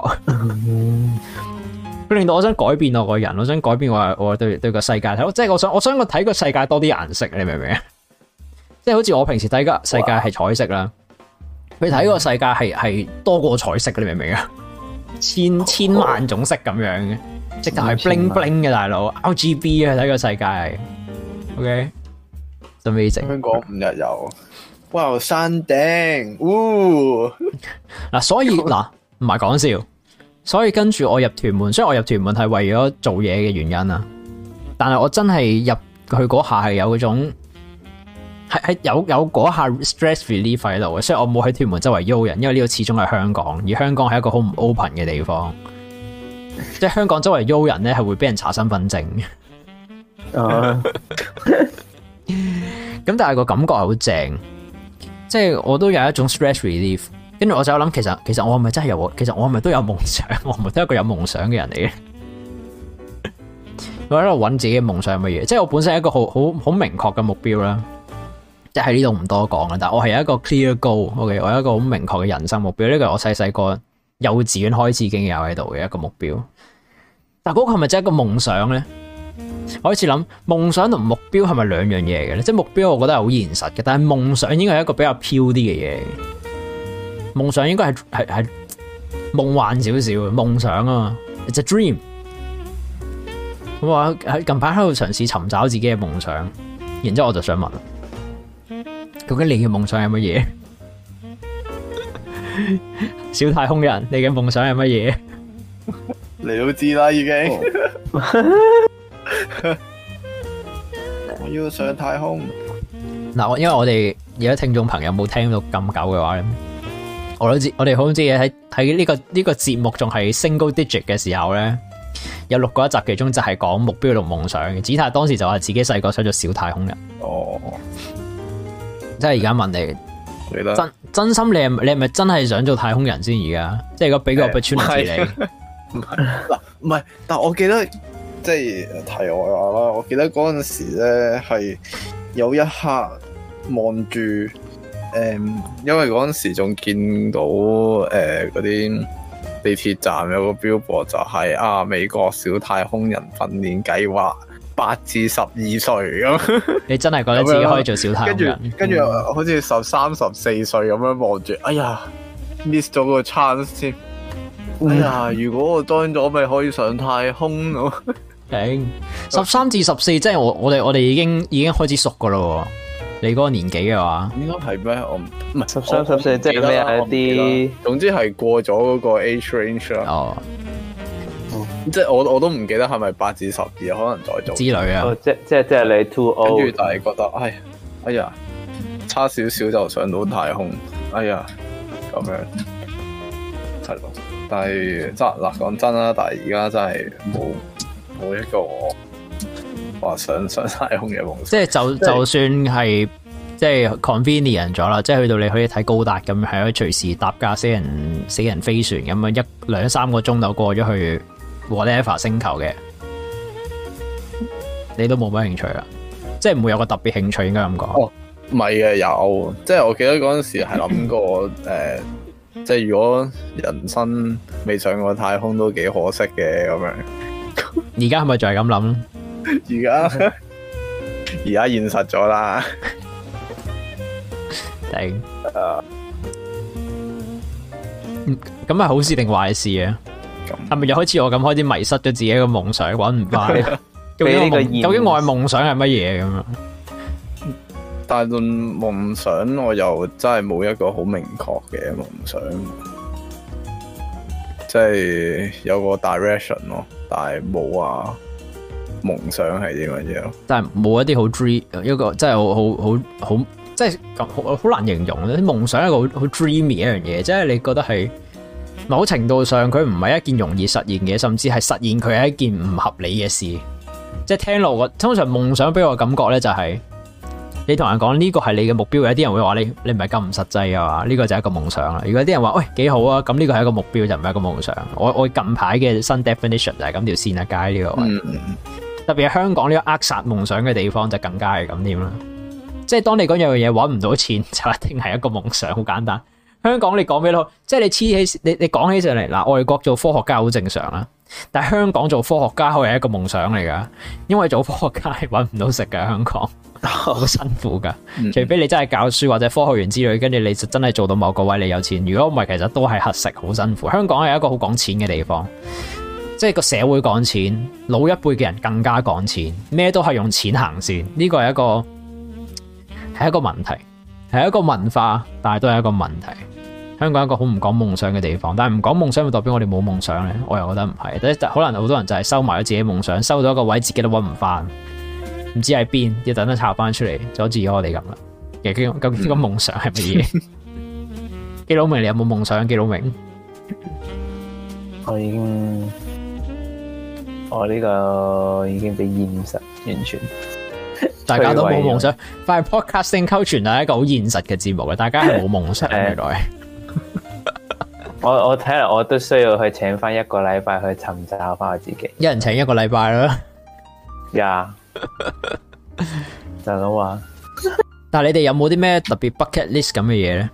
佢 *laughs* 令到我想改變我個人，我想改變我我對我對個世界睇，即係我想我想我睇個世界多啲顏色，你明唔明啊？即係好似我平時睇個世界係彩色啦，佢睇個世界係係多過彩色，你明唔明啊？千千萬種色咁樣嘅，即係係 bling bling 嘅大佬，RGB 去睇呢個世界，OK，準備整。香港五日遊，哇，wow，山，哦，頂，嗚，嗱，所以嗱，唔係講笑，所以跟住我入屯門，所以我入屯門係為咗做嘢嘅原因啊，但係我真係入去嗰下係有嗰種。係係有有嗰下 stress relief 喺度，所以我冇喺屯門周圍邀人，因為呢個始終係香港，而香港係一個好唔 open 嘅地方，即係香港周圍邀人咧係會俾人查身份證嘅。咁、uh. *laughs* 但係個感覺係好正，即係我都有一種 stress relief，跟住我就諗，其實其實我係咪真係有，其實我係咪都有夢想，我係咪都係一個有夢想嘅人嚟嘅？我喺度揾自己嘅夢想嘅嘢？即係我本身係一個好好好明確嘅目標啦。即係呢度唔多講啦，但係我係有一個 clear goal，OK，okay? 我有一個好明確嘅人生目標，呢個我細細個幼稚園開始已經有喺度嘅一個目標。但係嗰個係咪真係一個夢想咧？我開始諗，夢想同目標係咪兩樣嘢嘅咧？即係目標，我覺得係好現實嘅，但係夢想應該係一個比較飄啲嘅嘢。夢想應該係係係夢幻少少嘅夢想啊！It's a dream。咁啊，近排喺度嘗試尋找自己嘅夢想，然之後我就想問。究竟你嘅夢想係乜嘢？ *laughs* 小太空人，你嘅夢想係乜嘢？ *laughs* 你都知啦，已經、oh.。 *laughs* *laughs* 我要上太空。嗱，我因為我哋而家聽眾朋友冇聽到咁久嘅話咧，我都知，我哋好知嘅喺喺呢個呢、這個節目仲係 single digit 嘅時候咧，有錄過一集，其中就係講目標同夢想嘅。Gtai 當時就話自己細個想做小太空人。哦、oh.。真係而家問你，記得真真心你係你係咪真係想做太空人先？而家即係個比較不穿刺你，唔係嗱，唔係， *laughs* 但我記得即係題外話啦。我記得嗰陣時咧係有一刻望住誒，因為嗰陣時仲見到誒嗰啲地鐵站有個 Billboard 就係、是、啊美國小太空人訓練計劃。八至十二歲咁，你真係覺得自己可以做小太空人跟住，跟 *laughs* 住好似十三、十四歲咁樣望住，哎呀，miss 咗個 chance 先。哎呀，如果我當咗，咪可以上太空咯。頂十三至十四，即係我我哋我哋已經已經開始熟噶啦。你嗰個年紀嘅話，應該係咩？我唔唔係十三十四，即係咩啊？啲、就是，總之係過咗嗰個 age range 啦。Oh. 即係我我都唔記得係咪八至十二，可能再做之類啊、哦！即即即係你 too old 跟住，但係覺得哎，哎呀哎呀差少少就上到太空哎呀，咁樣，係咯，但係真嗱講真啦，但係而家真係冇冇一個話想上太空嘅夢。即係就就算係即係 convenient 咗啦，即係去到你可以睇高達咁，喺可以隨時搭架死人死人飛船咁樣，一兩三個鐘就過咗去。和 l a v 星球嘅，你都冇乜興趣啊？即係唔會有個特別興趣，應該咁講。哦，唔係嘅，有，即係我記得嗰陣時係諗過，誒、 *coughs* 呃，即係如果人生未上過太空都幾可惜嘅咁樣。而家係咪就係咁諗？而家，而 *laughs* 家現，現實咗啦。 *laughs* 頂啊，咁係好事定壞事嘅？係咪又開始我咁開始迷失咗自己嘅夢想，搵唔翻？究竟我嘅夢想係乜嘢咁樣？但係論夢想，我又真係冇一個好明確嘅夢想，即係有個 direction 咯，但係冇啊。夢想係點樣樣？但係冇一啲好 dream，一個真係好好好好，即係咁好難形容咯。啲夢想一個好好 dreamy 一樣嘢，即係你覺得係。某程度上，佢唔係一件容易實現嘅，甚至係實現佢係一件唔合理嘅事。即係聽落，通常夢想俾我感覺咧就係你同人講呢個係你嘅目標，有啲人會話你你唔係咁唔實際啊嘛，呢個就係一個夢想啦。如果有啲人話喂，幾好啊，咁呢個係一個目標就唔係一個夢想。我我近排嘅新 definition 就係咁條線啊，街呢個位特別係香港呢個扼殺夢想嘅地方就更加係咁添啦。即係當你講樣嘢搵唔到錢，就一定係一個夢想，好簡單。香港你講咩咯？即係你黐起你你講起上嚟，嗱，外國做科學家好正常啦。但係香港做科學家好係一個夢想嚟噶，因為做科學家係搵唔到食嘅，香港好 *laughs* 辛苦噶。除非你真係教書或者科學園之類，跟住你真係做到某個位你有錢。如果唔係，其實都係乞食，好辛苦。香港係一個好講錢嘅地方，即係個社會講錢，老一輩嘅人更加講錢，咩都係用錢行先。呢個係一個係一個問題。係一個文化，但係都係一個問題。香港是一個好唔講夢想嘅地方，但係唔講夢想，咪代表我哋冇夢想咧？我又覺得唔係，第一可能好多人就係收埋咗自己的夢想，收到一個位，自己都搵唔翻，唔知喺邊，要等得拆翻出嚟，就好似我哋咁啦。究竟今今次個夢想係乜嘢？ *laughs* 基佬明你有冇夢想？基佬明，我已經我呢個已經俾現實完全。大家都冇夢想，但係 Podcasting 溝傳係一個好現實嘅節目嘅，大家係冇夢想嚟。 *laughs* *laughs* 我來我睇嚟我都需要去請翻一個禮拜去尋找翻我自己，一人請一個禮拜咯。呀、yeah！ *laughs* 就咁話，但係你哋有冇啲咩特別 bucket list 咁嘅嘢咧？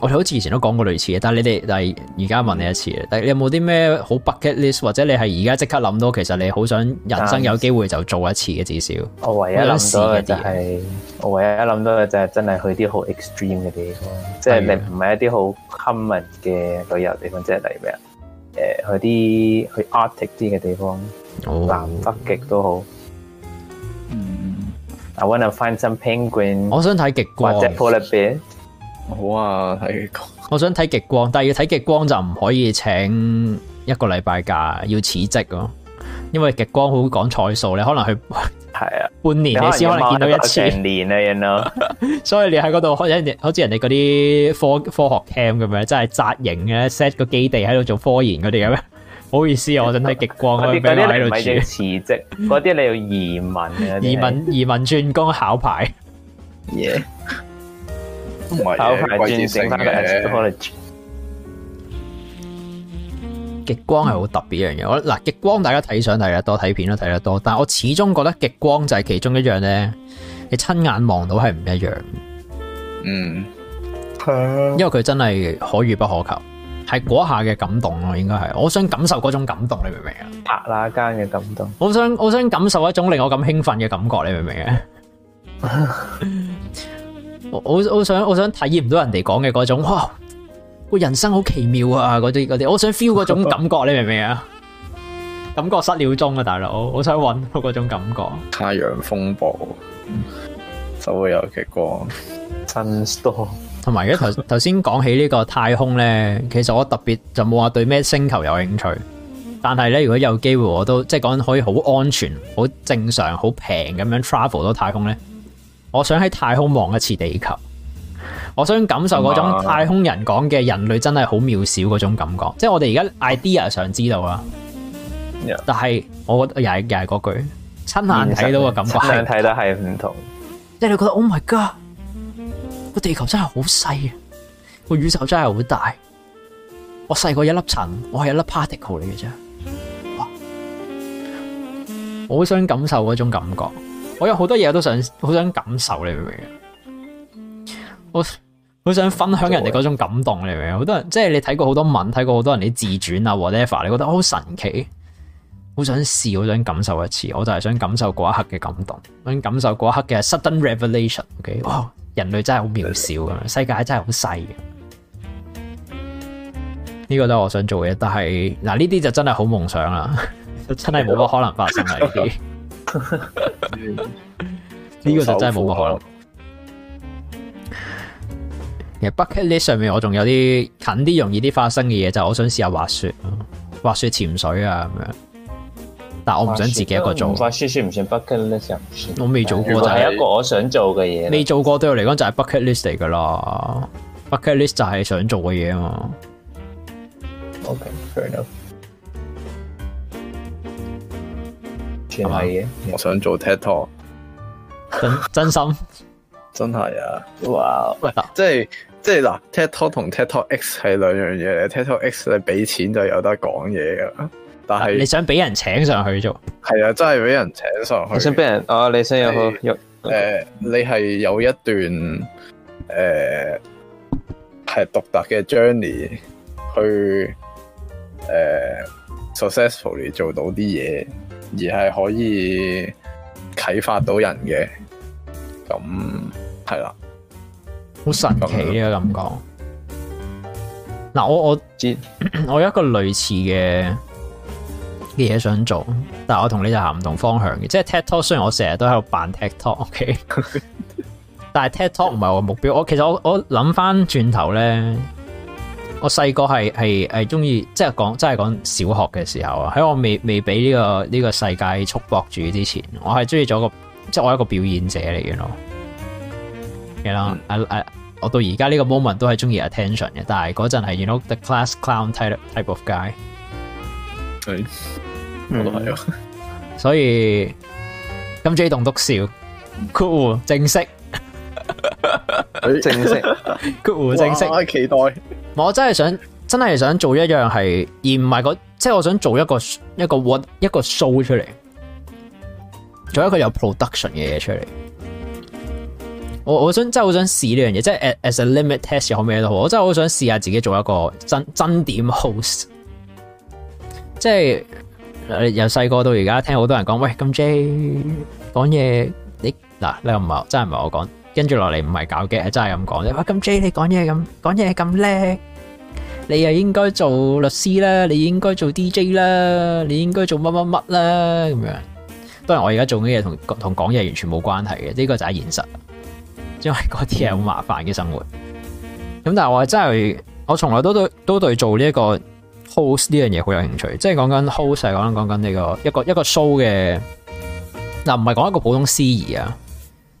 我哋好似以前都講過類似嘅，但係你哋但係而家問你一次，但係你有冇啲咩好 bucket list，或者你係而家即刻諗到，其實你好想人生有機會就做一次嘅至少。我唯一諗到嘅就係、是，我唯一諗到嘅就係真係去啲好 extreme 嘅地方，即係、就是、你唔係一啲好 common 嘅旅遊地方，即係例如咩啊？誒、uh，去啲去 Arctic 啲嘅地方，oh. 南北極都好。Mm. I want to find some penguin。我想睇極光啊。Or a polar bear。好啊，睇極光。我想睇極光，但係要睇極光就唔可以請一個禮拜假，嗯、要辭職咯。因為極光好講彩數，你可能去係啊，半年你先可能見到一次。成年啊，應啦。所以你喺嗰度，好似人哋嗰啲科科學 camp 咁樣，真係紮營嘅 set 個基地喺度做科研嗰啲嘅咩？唔 *laughs* 好意思啊，我想睇極光。嗰啲你唔係要辭職，嗰啲你要移民移民移民轉工考牌嘢。Yeah. 都極光係好特別一樣嘢，嗱，極光大家睇相睇得多，睇片都睇得多，但我始終覺得極光就係其中一樣咧，你親眼望到係唔一樣。嗯，因為佢真係可遇不可求，係嗰下嘅感動咯，應該係。我想感受嗰種感動，你明唔明啊？剎那間嘅感動。我想，我想感受一種令我咁興奮嘅感覺，你明唔明啊？ *laughs* 我我想我想體驗唔到人哋講嘅嗰種，哇！個人生好奇妙啊，嗰啲嗰啲，我想 feel 嗰種感覺，你明唔明啊？ *laughs* 感覺失了蹤啊，大佬，好想搵到嗰種感覺。太陽風暴，就、嗯、會有極光，真 *laughs* 多。同埋而家，頭頭先講起呢個太空咧，其實我特別就冇話對咩星球有興趣，但係咧，如果有機會我，我都即係講可以好安全、好正常、好平咁樣 travel 到太空咧。我想喺太空望一次地球，我想感受嗰種太空人講嘅人類真係好渺小嗰種感覺。嗯、即係我哋而家 idea 上知道啊、嗯。但係我覺得又係又係嗰句，親眼睇到嘅感覺係睇得係唔同。即係、就是、你覺得 Oh my God，個地球真係好細，個宇宙真係好大，我細過一粒塵，我係一粒 particle 嚟嘅啫。哇，我好想感受嗰種感覺。我有好多嘢都想，好想感受，你明唔明？我好想分享人哋嗰種感動，你明唔明？好多人即係你睇過好多文，睇過好多人啲自傳啊 whatever，你覺得好神奇，好想試，好想感受一次。我就係想感受嗰一刻嘅感動，想感受嗰一刻嘅 sudden revelation，okay？哇！人類真係好渺小咁，世界真係好細嘅。呢個都係我想做嘅，但係嗱呢啲就真係好夢想啦，真係冇乜可能發生啊呢啲。 *laughs* 呢 *laughs* *laughs* 個就真係冇乜可能。其實 bucket list 上面我仲有啲近啲容易啲發生嘅嘢，就係我想試下滑雪，滑雪潛水啊咁樣。但係我唔想自己一個做。滑雪算唔算 bucket list 啊？我未做過，就係一個我想做嘅嘢。未做過對我嚟講就係 bucket list 嚟噶啦，bucket list 就係想做嘅嘢啊。OK, fair enough. 係嘅，我想做 Tattoo， *laughs* 真,真心 *laughs* 真係啊！哇，喂即係即係嗱，Tattoo 同 Tattoo X 係兩樣嘢嚟 Tattoo X 你俾錢就有得講嘢噶，但係你想俾人請上去做？係啊，真係俾人請上去的。我想俾人啊，你想入去誒，你係有一段誒係、呃、獨特嘅 journey 去誒、呃、successfully 做到啲嘢。而係可以啟發到人嘅，咁係啦，好神奇啊！咁講，嗱，我我我有一個類似嘅嘅嘢想做，但係我同你就行唔同方向嘅，即係 TED Talk，雖然我成日都喺度扮 TED Talk，O K，但係 TED Talk 唔係我目標。我其實我我諗翻轉頭咧。我細個係係係中意，即係講，即係講小學嘅時候啊，喺我未未俾呢個呢個世界束縛住之前，我係中意咗個，即係我係一個表演者嚟嘅咯。係咯，you know?、嗯，誒誒，我到而家呢個 moment 都係中意 attention 嘅，但係嗰陣係 you know the class clown type type of guy、嗯。係，我都係、啊、 *laughs* 所以今朝一棟篤笑，cool 正式， *laughs* 正式，cool 正式，期待。我真係想，真係想做一樣係，而唔係個，即係我想做一個一個 word 一個 show 出嚟，做一個有 production 嘅嘢出嚟。我我想真係好想試呢樣嘢，即係 as a limit test 又好咩都好，我真係好想試下自己做一個真真點 host，即係由細個到而家聽好多人講，喂咁 J 講嘢，你嗱你又唔係，真係唔係我講。跟住落嚟唔係搞嘅，真係咁講啫。啊、Jay, 話咁 J 你講嘢咁講嘢咁叻，你又應該做律師啦，你應該做 DJ 啦，你應該做乜乜乜啦咁樣。當然我而家做嘅嘢同同講嘢完全冇關係嘅，呢、這個就係現實，因為嗰啲係好麻煩嘅生活。咁、嗯、但係我真係我從來都對都對做呢一個 host 呢樣嘢好有興趣，即係講緊 host 係講緊講緊呢個一個一個 show 嘅嗱，唔係講一個普通司儀啊。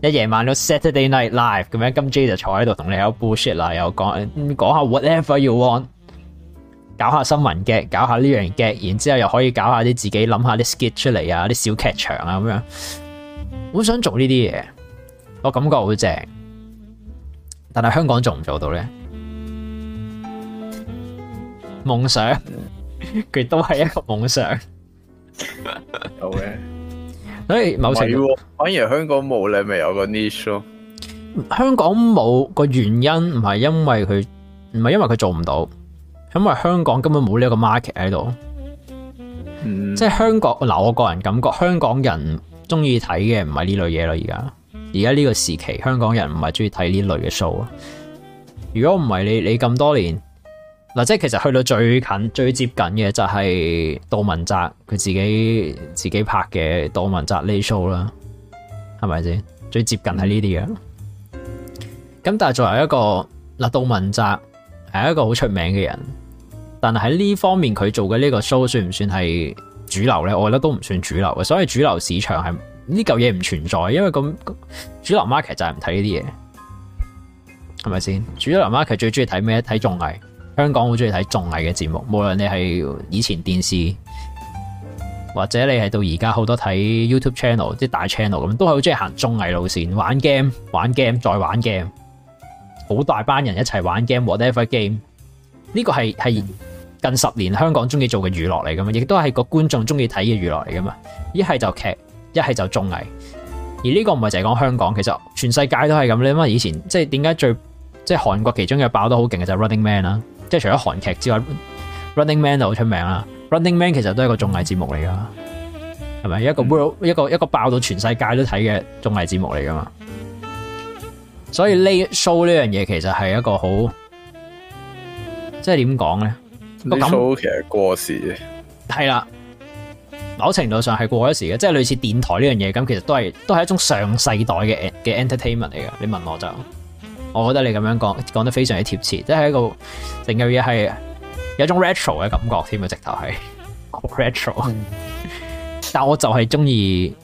一夜晚都 Saturday Night Live 咁樣，金 J 就坐喺度同你喺度 bullshit 啦，又講講下 whatever you want，搞下新聞劇，搞下呢樣劇，然之後又可以搞下啲自己諗下啲 skit 出嚟啊，啲小劇場啊咁樣，好想做呢啲嘢，我感覺好正，但係香港做唔做到咧？夢想，佢都係一個夢想。有嘅。所以某程度、哦、反而香港冇你咪有個 niche 咯。香港冇個原因唔係因為佢唔係因為佢做唔到，因為香港根本冇呢個 market 喺度。即係香港嗱，我個人感覺香港人中意睇嘅唔係呢類嘢咯。而家而家呢個時期，香港人唔係中意睇呢類嘅 show。如果唔係你你咁多年。嗱，即係其實去到最近最接近嘅就係杜汶澤佢自己自己拍嘅杜汶澤呢 show 啦，係咪先？最接近係呢啲嘅。咁但係作為一個嗱，杜汶澤係一個好出名嘅人，但係喺呢方面佢做嘅呢個 show 算唔算係主流咧？我覺得都唔算主流嘅。所以主流市場係呢嚿嘢唔存在，因為咁、那個、主流 market 就係唔睇呢啲嘢，係咪先？主流 market 最中意睇咩？睇綜藝。香港好中意睇綜藝嘅節目，無論你係以前電視，或者你係到而家好多睇 YouTube channel、即大 channel 咁，都係好中意行綜藝路線，玩 game、玩 game 再玩 game，好大班人一齊玩 game whatever game。呢個係係近十年香港中意做嘅娛樂嚟噶嘛，亦都係個觀眾中意睇嘅娛樂嚟噶嘛。一係就劇，一係就綜藝，而呢個唔係淨係講香港，其實全世界都係咁，你諗下以前即係點解最即係、就係、韓國其中嘅爆得好勁嘅就係、Running Man 啦。即係除咗韓劇之外，Running Man 很出名了，《Running Man》就好出名啦，《Running Man》其實都係一個綜藝節目嚟噶，係咪一個 world、嗯、一個一個爆到全世界都睇嘅綜藝節目嚟噶嘛？所以呢 show 呢樣嘢其實係一個好，即係點講咧？show 其實過時嘅係啦，某程度上係過咗時嘅，即係類似電台呢樣嘢咁，其實都係都係一種上世代嘅嘅 entertainment 嚟嘅。你問我就。我覺得你咁樣講講得非常之貼切，即係一個定嘅嘢，係有一種 retro 嘅感覺添啊！直頭係好 retro，但我就係中意，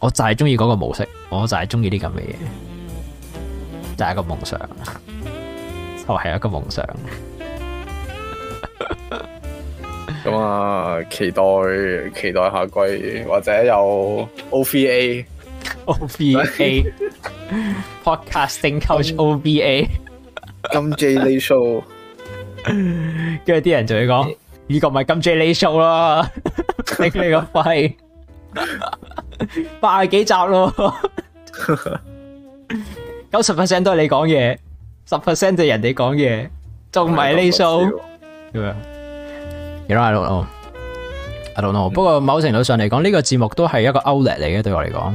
我就係中意嗰個模式，我就係中意呢咁嘅嘢，就係一個夢想，就係一個夢想。咁啊，期待期待下季或者有 OVA。O B A podcasting coach O B A 金 J L show，跟住啲人就會講呢個唔係金 J L show 咯，頂你個肺，八十幾集咯，九十 percent 都係你講嘢，十 percent 就係人哋講嘢，仲唔係呢 show？點樣？我唔知啊，我唔知啊。不過某程度上嚟講，呢個節目都係一個 outlet 嚟嘅，對我嚟講。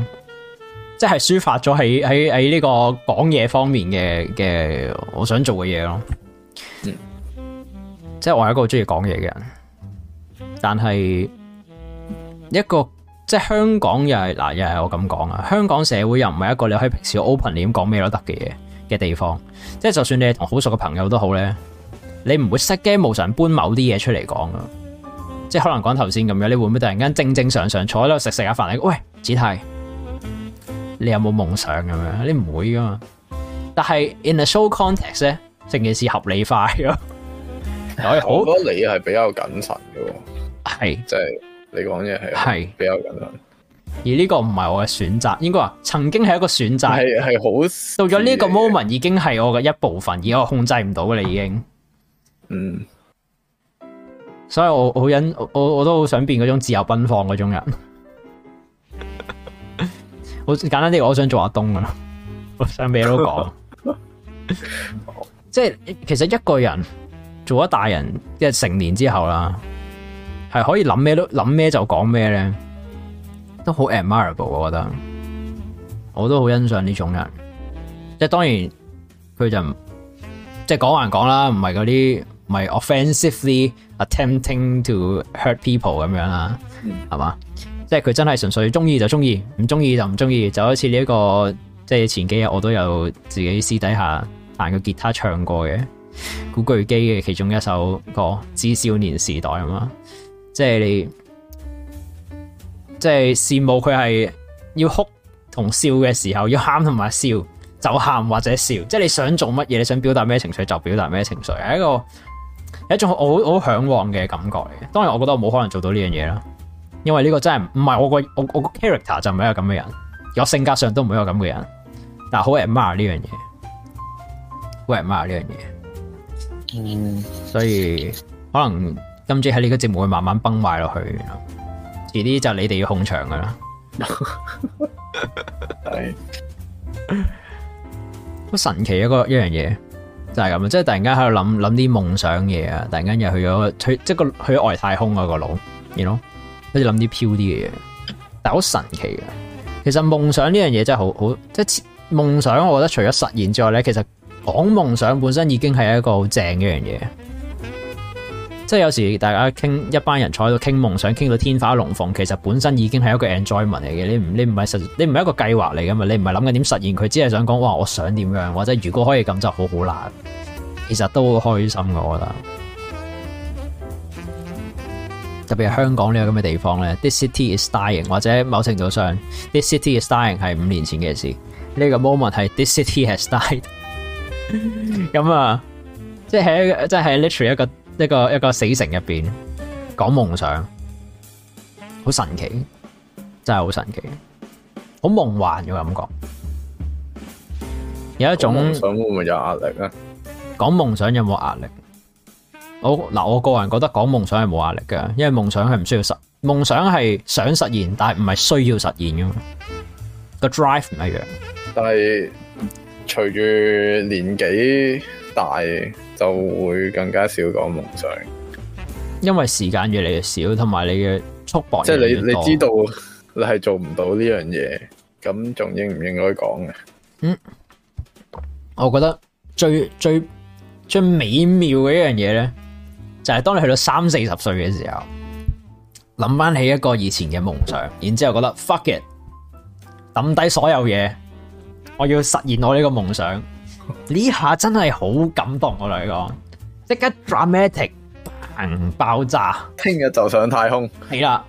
即係抒發咗喺喺喺呢個講嘢方面嘅嘅，我想做嘅嘢咯。 *laughs* 即係我係一個中意講嘢嘅人，但係一個即係香港又係嗱，又係我咁講啊！香港社會又唔係一個你可以平時 openly 講咩都得嘅嘢嘅地方。即係就算你同好熟嘅朋友都好咧，你唔會失驚無常搬某啲嘢出嚟講啊！即係可能講頭先咁樣，你會唔會突然間正正常常坐喺度食食下飯？你喂，子泰。你有冇夢想咁樣？你唔會噶嘛？但係 in a show context 咧，成件事合理化咯。 *laughs* 我覺得你係比較謹慎嘅喎。係，即係你講嘢係比較謹慎。而呢個唔係我嘅選擇，應該話曾經係一個選擇，係係好到咗呢個 moment 已經係我嘅一部分，而我控制唔到啦已經。嗯。所以我好忍，我我，我都好想變嗰種自由奔放嗰種人。好簡單啲，我想做阿東㗎！我想咩都講， *laughs* 即係其實一個人做咗大人，即係成年之後啦，係可以諗咩都諗咩就講咩咧，都好 admirable，d 我覺得，我都好欣賞呢種人。即係當然佢就即係講還講啦，唔係嗰啲唔係 offensively attempting to hurt people 咁樣啦，係 *laughs* 嘛？即係佢真係純粹中意就中意，唔中意就唔中意，就好似呢一個即係前幾日我都有自己私底下彈個吉他唱過嘅古巨基嘅其中一首歌《致少年時代》啊嘛，即係你即係羨慕佢係要哭同笑嘅時候要喊同埋笑，就喊或者笑，即係你想做乜嘢，你想表達咩情緒就表達咩情緒，係一個係一種好好向往嘅感覺嚟。當然，我覺得我冇可能做到呢樣嘢咯。因為呢個真係唔係我個我我個 character 就唔係一個咁嘅人，有性格上都唔係一個咁嘅人，但係好 at 罵呢樣嘢，好 at 罵呢樣嘢，mm. 所以可能今次喺呢個節目會慢慢崩壞落去，遲啲就是你哋要控場噶啦，好 *laughs* *laughs* *laughs* 神奇的一個一事、就是、樣嘢就係咁啊，即係突然間喺度諗諗啲夢想嘢啊，突然間又去咗去即係個去外太空啊個腦，你 k 好似諗啲飄啲嘅嘢，但係好神奇嘅。其實夢想呢樣嘢真係好好，即係夢想。我覺得除咗實現之外咧，其實講夢想本身已經係一個好正嘅一樣嘢。即係有時大家傾一班人坐喺度傾夢想，傾到天花龍鳳，其實本身已經係一個 enjoyment 嚟嘅。你唔你唔係實，你唔係一個計劃嚟噶嘛，你唔係諗緊點實現佢，只係想講哇，我想點樣或者如果可以咁就好好難。其實都好開心，我覺得。特別係香港呢個咁嘅地方咧，This city is dying，或者某程度上，This city is dying 係五年前嘅事。呢個 moment 係 This city has died。咁 *laughs* 啊，即係喺即係 literally 一個一個一個一個一個死城入邊講夢想，好神奇，真係好神奇，好夢幻嘅感覺，有一種。講夢想會唔會有壓力啊？講夢想有冇壓力？好嗱，我個人覺得講夢想係冇壓力嘅，因為夢想係唔需要實，夢想係想實現，但係唔係需要實現嘛。個 drive 唔一樣。但係隨住年紀大，就會更加少講夢想，因為時間越嚟越少，同埋你嘅束縛。即係你你知道你係做唔到呢樣嘢，咁仲應唔應該講嘅？嗯，我覺得最最最美妙嘅一樣嘢咧。但、就、係、是、當你去到三四十歲嘅時候，諗翻起一個以前嘅夢想，然之後覺得 fuck it，抌低所有嘢，我要實現我呢個夢想呢 *laughs* 下真係好感動，啊。我同你講，即刻 dramatic，爆炸，聽日就上太空係啦。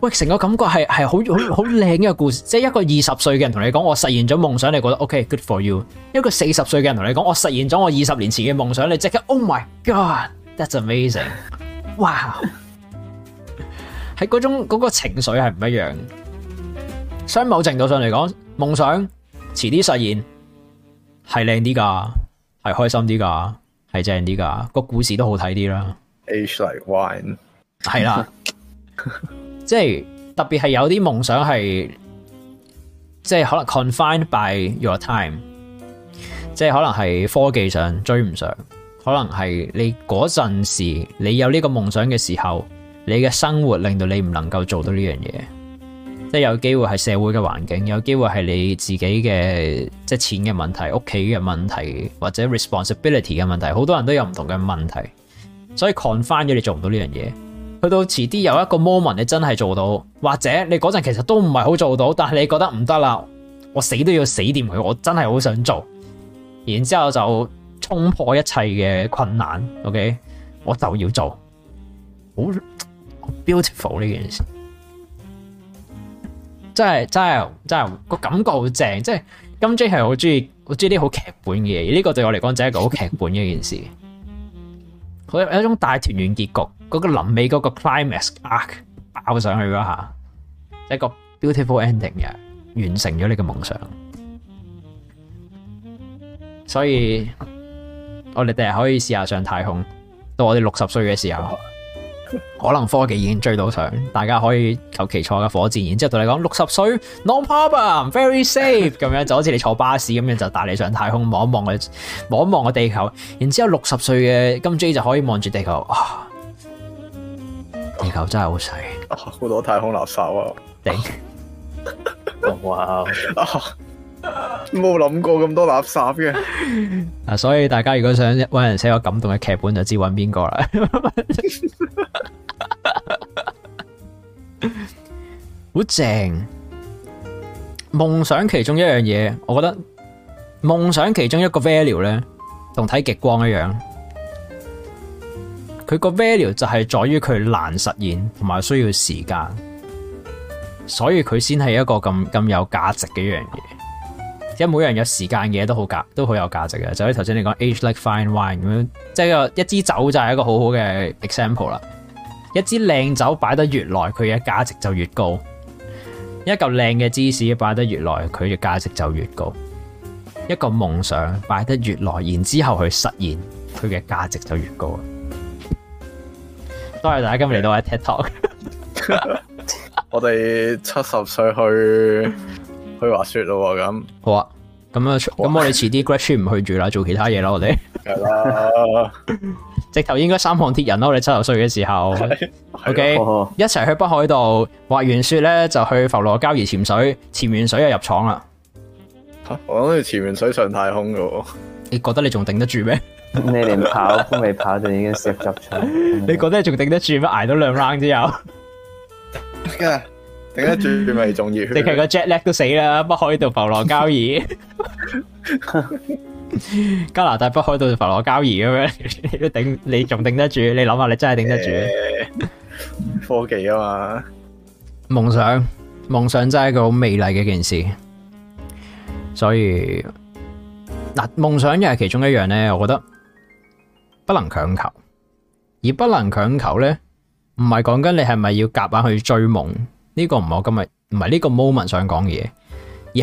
喂，成 *laughs* 個感覺係係好好好靚嘅故事，即係一個二十歲嘅人同你講我實現咗夢想，你覺得 OK good for you；一個四十歲嘅人同你講我實現咗我二十年前嘅夢想，你即刻 Oh my God！That's amazing！哇、wow. *laughs* 喺嗰種嗰個情緒係唔一樣，相某程度上嚟講，夢想遲啲實現係靚啲噶，係開心啲噶，係正啲噶，個故事都好睇啲啦。Age like wine，係 *laughs* 啦，即係特別係有啲夢想係，即係可能 confined by your time，即係可能係科技上追唔上。可能係你嗰陣時，你有呢個夢想嘅時候，你嘅生活令到你唔能夠做到呢樣嘢，即係有機會係社會嘅環境，有機會係你自己嘅即係錢嘅問題、屋企嘅問題或者 responsibility 嘅問題，好多人都有唔同嘅問題，所以 confine 咗你做唔到呢樣嘢。去到遲啲有一個 moment 你真係做到，或者你嗰陣其實都唔係好做到，但係你覺得唔得啦，我死都要死掂佢，我真係好想做，然之後就。衝破一切嘅困難，OK，我就要做，好 beautiful 呢件事，真係係真係個感覺好正，即係金 Jay 係好中意，好中意啲好劇本嘅嘢。呢個對我嚟講就係一個好劇本嘅一件事，佢 *laughs* 有一種大團圓結局，嗰、嗰個臨尾嗰個 climax arc 爆上去嗰下，一個 beautiful ending 嘅，完成咗你嘅夢想，所以。我哋第日可以試下上太空，到我哋六十歲嘅時候， *laughs* 可能科技已經追到上，大家可以求其坐個火箭，然之後同你講六十歲，no problem，very safe，咁樣就好似你坐巴士咁樣就帶你上太空，望一望我，望一望個地球，然之後六十歲嘅金 J 就可以望住地球，哇，地球真係好細，好多太空垃圾啊，頂，哇，冇諗過咁多垃圾嘅，啊，所以大家如果想搵人寫個感動嘅劇本，就知搵邊個啦。好正，夢想其中一樣嘢，我覺得夢想其中一個 value 呢，同睇極光一樣，佢個 value 就係在於佢難實現，同埋需要時間，所以佢先係一個咁咁有價值嘅一樣嘢。而每樣有時間嘅嘢都好價，都好有價值嘅。就喺頭先你講 age like fine wine 咁樣，即係一個一支酒就係一個好好嘅 example 啦。一支靚酒擺得越耐，佢嘅價值就越高。一嚿靚嘅芝士擺得越耐，佢嘅價值就越高。一個夢想擺得越耐，然之後去實現，佢嘅價值就越高。多謝大家今日嚟到我哋 talk 我哋七十歲去。去滑雪咯咁，好啊！咁啊，咁我哋遲啲 graduate trip 唔去住啦，做其他嘢啦，我 *laughs* 哋直頭應該三項鐵人咯。我哋七十歲嘅時候，O、okay, K，一齊去北海道滑完雪咧，就去浮羅交怡潛水，潛完水又入廠啦。吓、啊，我諗住潛完水上太空噶，你覺得你仲頂得住咩？ *laughs* 你連跑都未跑就已經食入廠， *laughs* 你覺得你仲頂得住咩？挨到兩 round 之後。 *laughs* 頂得住咪重要？連佢個 jet lag 都死啦，北海道浮羅交易， *laughs* 加拿大北海道浮羅交易咁樣，你都頂你仲頂得住？你諗下，你真係頂得住，欸？科技啊嘛，夢想夢想真係一個好美麗嘅一件事，所以嗱，夢想又係其中一樣咧。我覺得不能強求，而不能強求咧，唔係講緊你係咪要夾硬要去追夢。呢個唔係我今日唔係呢個 moment 想講嘅嘢，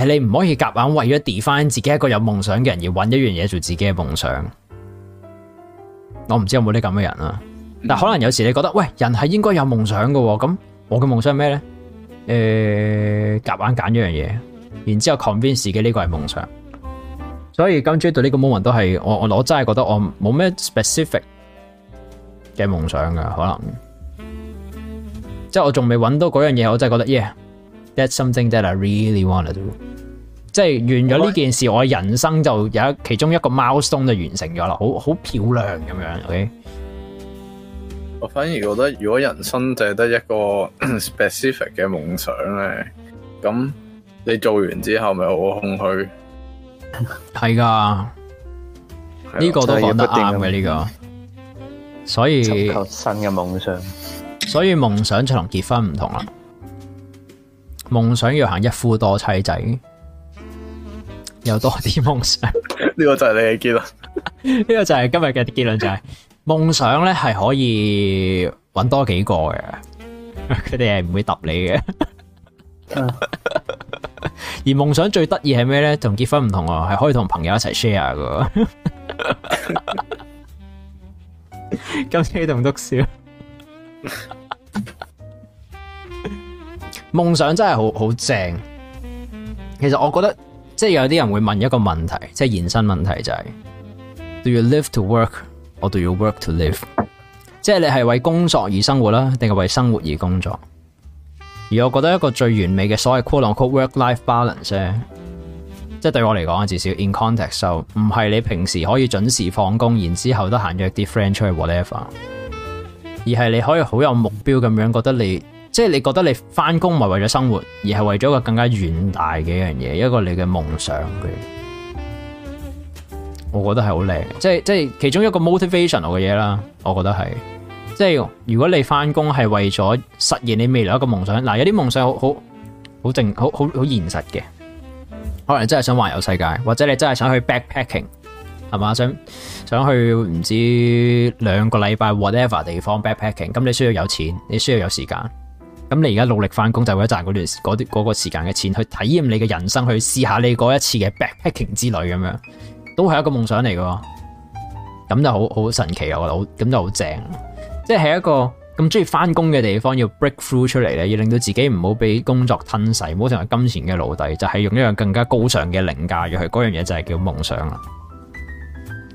而係你唔可以夾硬為咗 define 自己一個有夢想嘅人而揾一樣嘢做自己嘅夢想。我唔知有冇呢咁嘅人啊，但可能有時你覺得喂，人係應該有夢想噶喎，咁我嘅夢想係咩呢？誒，夾硬揀一樣嘢，然之後 convince 自己呢個係夢想。所以今朝到呢個 moment 都係我我我真係覺得我冇咩 specific 嘅夢想噶，可能。即係我仲未揾到嗰樣嘢，我真係覺得，yeah，that's something that I really wanna do. 即係完咗呢件事，我人生就有一其中一個 milestone 就完成咗啦，好好漂亮咁樣。Okay? 我反而覺得，如果人生就係得一個 specific 嘅夢想咧，咁你做完之後咪好空虛。係 *laughs* 噶是的，呢、 *laughs* 呢個都講得啱嘅呢個，所以新嘅夢想。所以夢想就同結婚唔同啦，夢想要行一夫多妻制，有多啲夢想。 *laughs* 呢個就係你嘅結論，呢個就係今日嘅結論就係夢想咧係可以揾多幾個嘅，佢哋係唔會揼你嘅。而夢想最得意係咩咧？同結婚唔同啊，係可以同朋友一齊 share 嘅。今次棟篤笑。夢 *laughs* 想真係好好正。其實我覺得，即係有啲人會問一個問題，即係延伸問題就係、是、：Do you live to work，or do you work to live？即係你係為工作而生活啦，定係為生活而工作？而我覺得一個最完美嘅所謂 quote unquote work-life balance，即係對我嚟講，至少 in context，so 唔係你平時可以準時放工，然之後得閒約啲 friend 出去 whatever。而係你可以好有目標咁樣，覺得你即係、就是、你覺得你翻工唔係為咗生活，而係為咗一個更加遠大嘅一樣嘢，一個你嘅夢想嘅。我覺得係好靚，即係即係其中一個 motivational 嘅嘢啦。我覺得係，即、就、係、是、如果你翻工係為咗實現你未來的一個夢想，嗱有啲夢想好好好正好好好現實嘅，可能你真係想環遊世界，或者你真係想去 backpacking。係嘛？想想去唔知兩個禮拜 whatever 地方 backpacking，咁你需要有錢，你需要有時間。咁你而家努力翻工就為咗賺嗰段嗰啲個時間嘅錢，去體驗你嘅人生，去試下你嗰一次嘅 backpacking 之旅咁樣，都係一個夢想嚟噶。咁就好好神奇，我覺得咁就好正。即係一個咁中意翻工嘅地方，要 break through 出嚟咧，要令到自己唔好俾工作吞噬，唔好成為金錢嘅奴隸，就係用一樣更加高尚嘅凌駕住去嗰樣嘢就係叫夢想啦。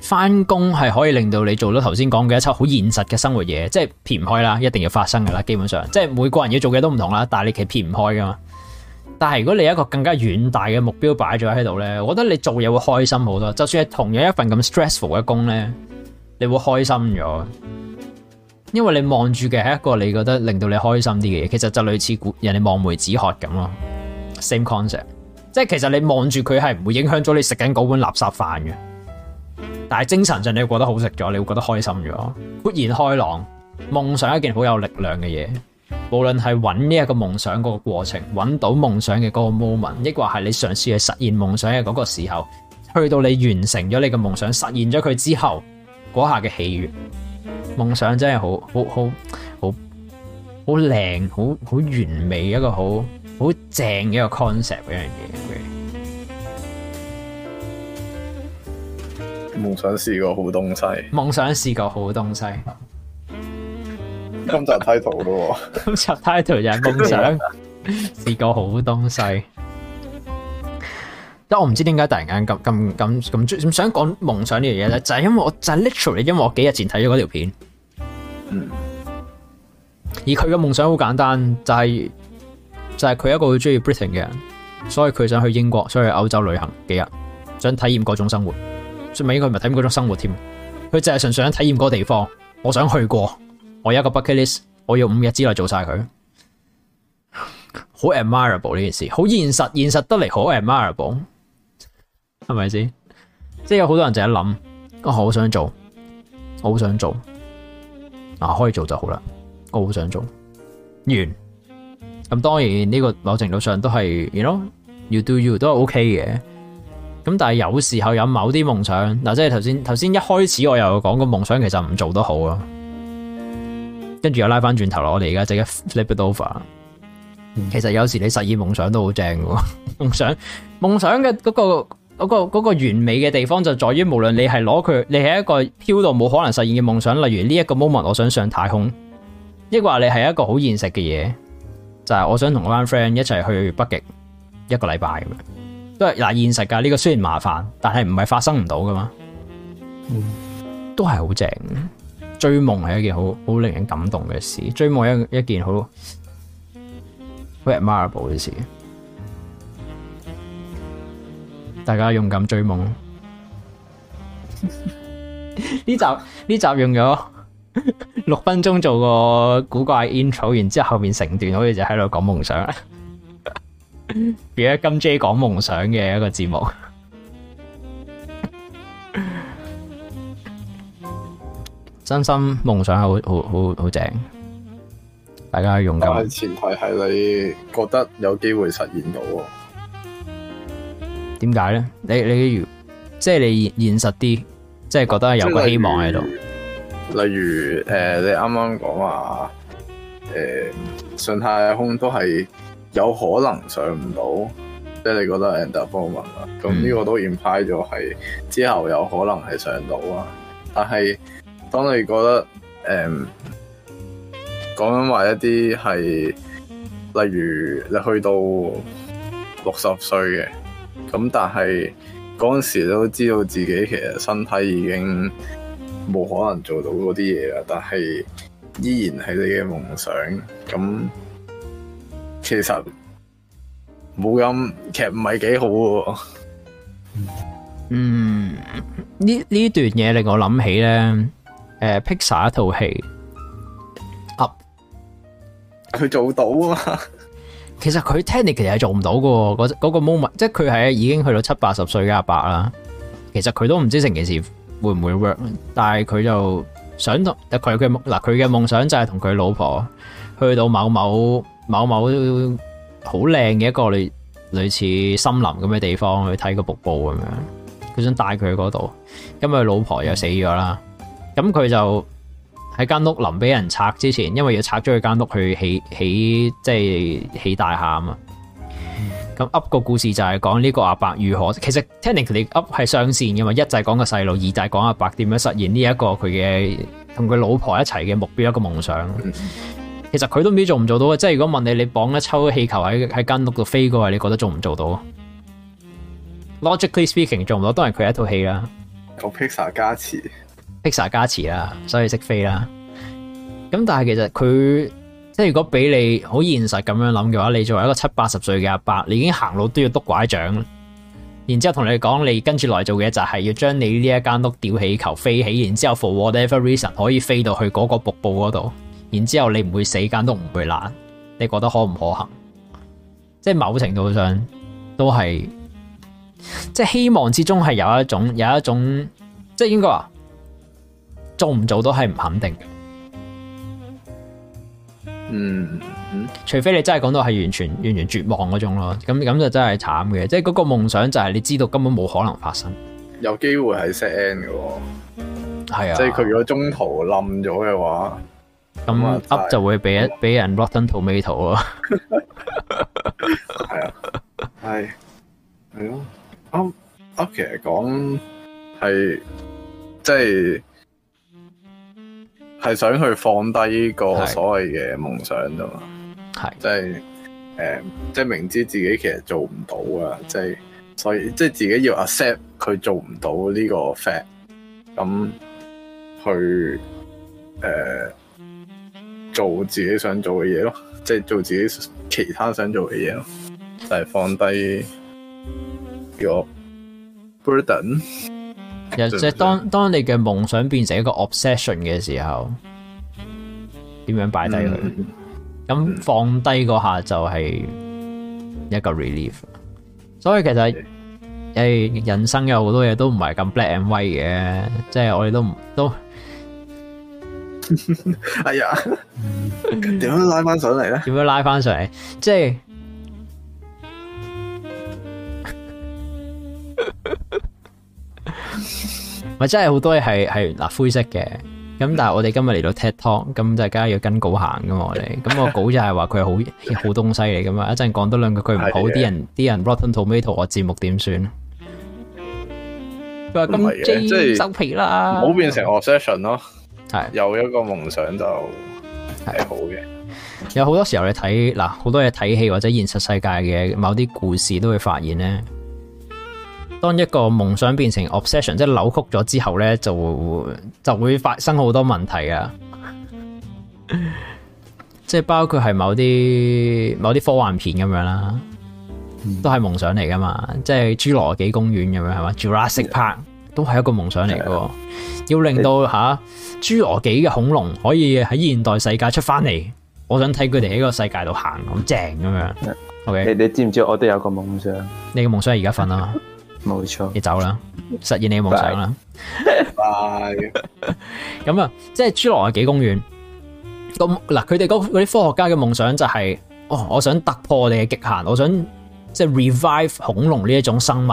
返工係可以令到你做到頭先講嘅一出好現實嘅生活嘢，即係撇唔開啦，一定要發生噶啦，基本上即係每個人要做嘅都唔同啦，但係你其實撇唔開噶嘛。但係如果你有一個更加遠大嘅目標擺咗喺度呢，我覺得你做嘢會開心好多。就算係同樣一份咁 stressful 嘅工呢，你會開心咗，因為你望住嘅係一個你覺得令到你開心啲嘅嘢。其實就類似人哋望梅止渴咁咯，same concept。即係其實你望住佢係唔會影響咗你食緊嗰碗垃圾飯嘅。但係精神上，你會覺得好食咗，你會覺得開心咗，豁然開朗。夢想一件好有力量嘅嘢，無論係揾呢一個夢想嗰個過程，揾到夢想嘅嗰個 moment，亦或係你嘗試去實現夢想嘅嗰個時候，去到你完成咗你嘅夢想，實現咗佢之後，嗰下嘅喜悅，夢想真係好好好好好靚，好好，好，好，好，好完美一個好好正嘅一個 concept 一樣嘢。夢想是個好東西。夢想是個好東西。 *laughs* 今集 title 咯， *laughs* 今集 title 就係夢想是 *laughs* 個 *laughs* 好東西。因為我唔知點解突然間咁咁咁咁想講夢想呢樣嘢咧，就係、是、因為我就係、是、literally 因為我幾日前睇咗嗰條片，嗯。而佢嘅夢想好簡單，就係、是、就係、是、佢一個好中意 Britain 嘅人，所以佢想去英國，想去歐洲旅行幾日，想體驗嗰種生活。應該佢唔係體驗嗰種生活添，佢淨係純想體驗嗰個地方。我想去過，我有一個 bucket list，我要五日之內做晒佢。好 admirable 呢件事，好現實，現實得嚟好 admirable，係咪先？即係有好多人就喺諗，我好想做，我好想做，嗱可以做就好啦。我好想做完，咁當然呢個某程度上都係，you know，you do you 都係 OK 嘅。咁但係有時候有某啲夢想嗱、啊，即係頭先頭先一開始我又講個夢想其實唔做得好咯，跟住又拉翻轉頭啦，我哋而家整嘅 flip it over 其實有時你實現夢想都好正嘅，夢想夢想嘅嗰、嗰個、嗰個、嗰個完美嘅地方就在於，無論你係攞佢，你係一個飄到冇可能實現嘅夢想，例如呢一個 moment 我想上太空，亦或你係一個好現實嘅嘢，就係、是、我想同我班 friend 一齊去北極一個禮拜咁樣。都係嗱，現實㗎，呢個雖然麻煩，但係唔係發生唔到噶嘛。嗯、都係好正，追夢係一件好好令人感動嘅事，追夢係一一件好好 amazing 嘅事。大家勇敢追夢。呢 *laughs* *laughs* 集呢集用咗六分鐘做個古怪 intro，然之後後面成段好似就喺度講夢想。而家金 J 講夢想嘅一個節目，真心夢想好好好好，好正，大家用緊。前提係你，你，你覺得有機會實現到，點解咧？你你如即係你現實啲，即係覺得有個希望喺度。例如誒，你啱啱講話誒上太空都係。有可能上唔到，即係你覺得難度高嘛？咁呢個都 imply 咗係之後有可能係上到啊。但係當你覺得誒講緊話一啲係，例如你去到六十歲嘅，咁但係嗰陣時都知道自己其實身體已經冇可能做到嗰啲嘢啦，但係依然係你嘅夢想咁。那其實冇咁，其實唔係幾好。嗯，呢呢段嘢令我諗起咧，誒、呃，Pixar 一套戲，啊，佢做到啊。其實佢 technically 其實係做唔到嘅，嗰嗰、嗰個 moment，即係佢係已經去到七八十歲嘅阿伯啦。其實佢都唔知成件事會唔會 work，但係佢就想同，佢嘅嗱佢嘅夢想就係同佢老婆去到某某。某某好靚嘅一個類類似森林咁嘅地方去睇個瀑布咁樣，佢想帶佢去嗰度。因為佢老婆又死咗啦，咁佢就喺間屋臨俾人拆之前，因為要拆咗佢間屋去起起即係起大廈啊嘛。咁 Up 個故事就係講呢個阿伯如何，其實 Technically Up 係上線嘅嘛，一就係講個細路，二就係講的阿伯點樣實現呢一個佢嘅同佢老婆一齊嘅目標，一個夢想。其實佢都未必做唔做到嘅，即係如果問你，你綁一抽氣球喺喺間屋度飛過去，你覺得做唔做到？Logically speaking，做唔到，當然佢一套戲啦。個 Pixar 加持，Pixar 加持啦，所以識飛啦。咁但係其實佢即係如果俾你好現實咁樣諗嘅話，你作為一個七八十歲嘅阿伯，你已經行路都要篤拐杖，然之後同你講，你跟住來做嘅就係要將你呢一間屋吊氣球飛起，然之後 for whatever reason 可以飛到去嗰個瀑布嗰度。然之後你唔會死梗都唔會爛，你覺得可唔可行？即係某程度上都係，即係希望之中係有一種有一種，即係應該話做唔做都係唔肯定嘅。嗯嗯，除非你真係講到係完全完全絕望嗰種咯，咁咁就真係慘嘅。即係嗰個夢想就係你知道根本冇可能發生，有機會係 sad ending 嘅喎，係啊，即係佢如果中途冧咗嘅話。咁 Up 就會俾俾、就是、人 rotten tomato 啊，係啊，係係咯，Up Up 其實講係即係係想去放低呢個所謂嘅夢想啫嘛，係、就是呃、即係誒即係明知自己其實做唔到啊，即係所以即係自己要 accept 佢做唔到呢個 fact，咁去誒。呃做自己想做嘅嘢咯，即係做自己其他想做嘅嘢咯，就係、是、放低個 burden。又即係當當你嘅夢想變成一個 obsession 嘅時候，點樣擺低佢？咁、嗯、放低嗰下就係一個 relief。所以其實誒，人生有好多嘢都唔係咁 black and white 嘅，即係我哋都唔都。 *laughs* 哎呀，點樣拉翻上嚟咧？點 *laughs* 樣拉翻上嚟？即係咪 *laughs* *laughs* 真係好多嘢係係嗱灰色嘅？咁但係我哋今日嚟到 t t 踢 k 咁就係大家要跟稿行噶嘛？那我哋咁個稿就係話佢係好 *laughs* 好東西嚟噶嘛？一陣講多兩句佢唔好，啲人啲人 rotten to m a to 我節目點算？佢話今 J 收皮啦，唔、就、好、是、變成 obsession 咯。係有一個夢想就係好嘅，有好多時候你睇嗱，好多嘢睇戲或者現實世界嘅某啲故事都會發現咧，當一個夢想變成 obsession，即係扭曲咗之後咧，就就會發生好多問題噶！即 *laughs* 係包括係某啲某啲科幻片咁樣啦，都係夢想嚟噶嘛，即係侏羅紀公園咁樣係嘛，Jurassic Park。都係一個夢想嚟嘅，要令到吓侏羅紀嘅恐龍可以喺現代世界出翻嚟，我想睇佢哋喺個世界度行，咁正咁樣。OK，你知唔知我都有個夢想？你嘅夢想係而家瞓啦，冇錯，你走啦，實現你嘅夢想啦。咁啊 *laughs* Bye. *laughs* 即係侏羅紀公園咁嗱，佢哋嗰啲科學家嘅夢想就係，哦，我想突破我哋嘅極限，我想即係 revive 恐龍呢一種生物。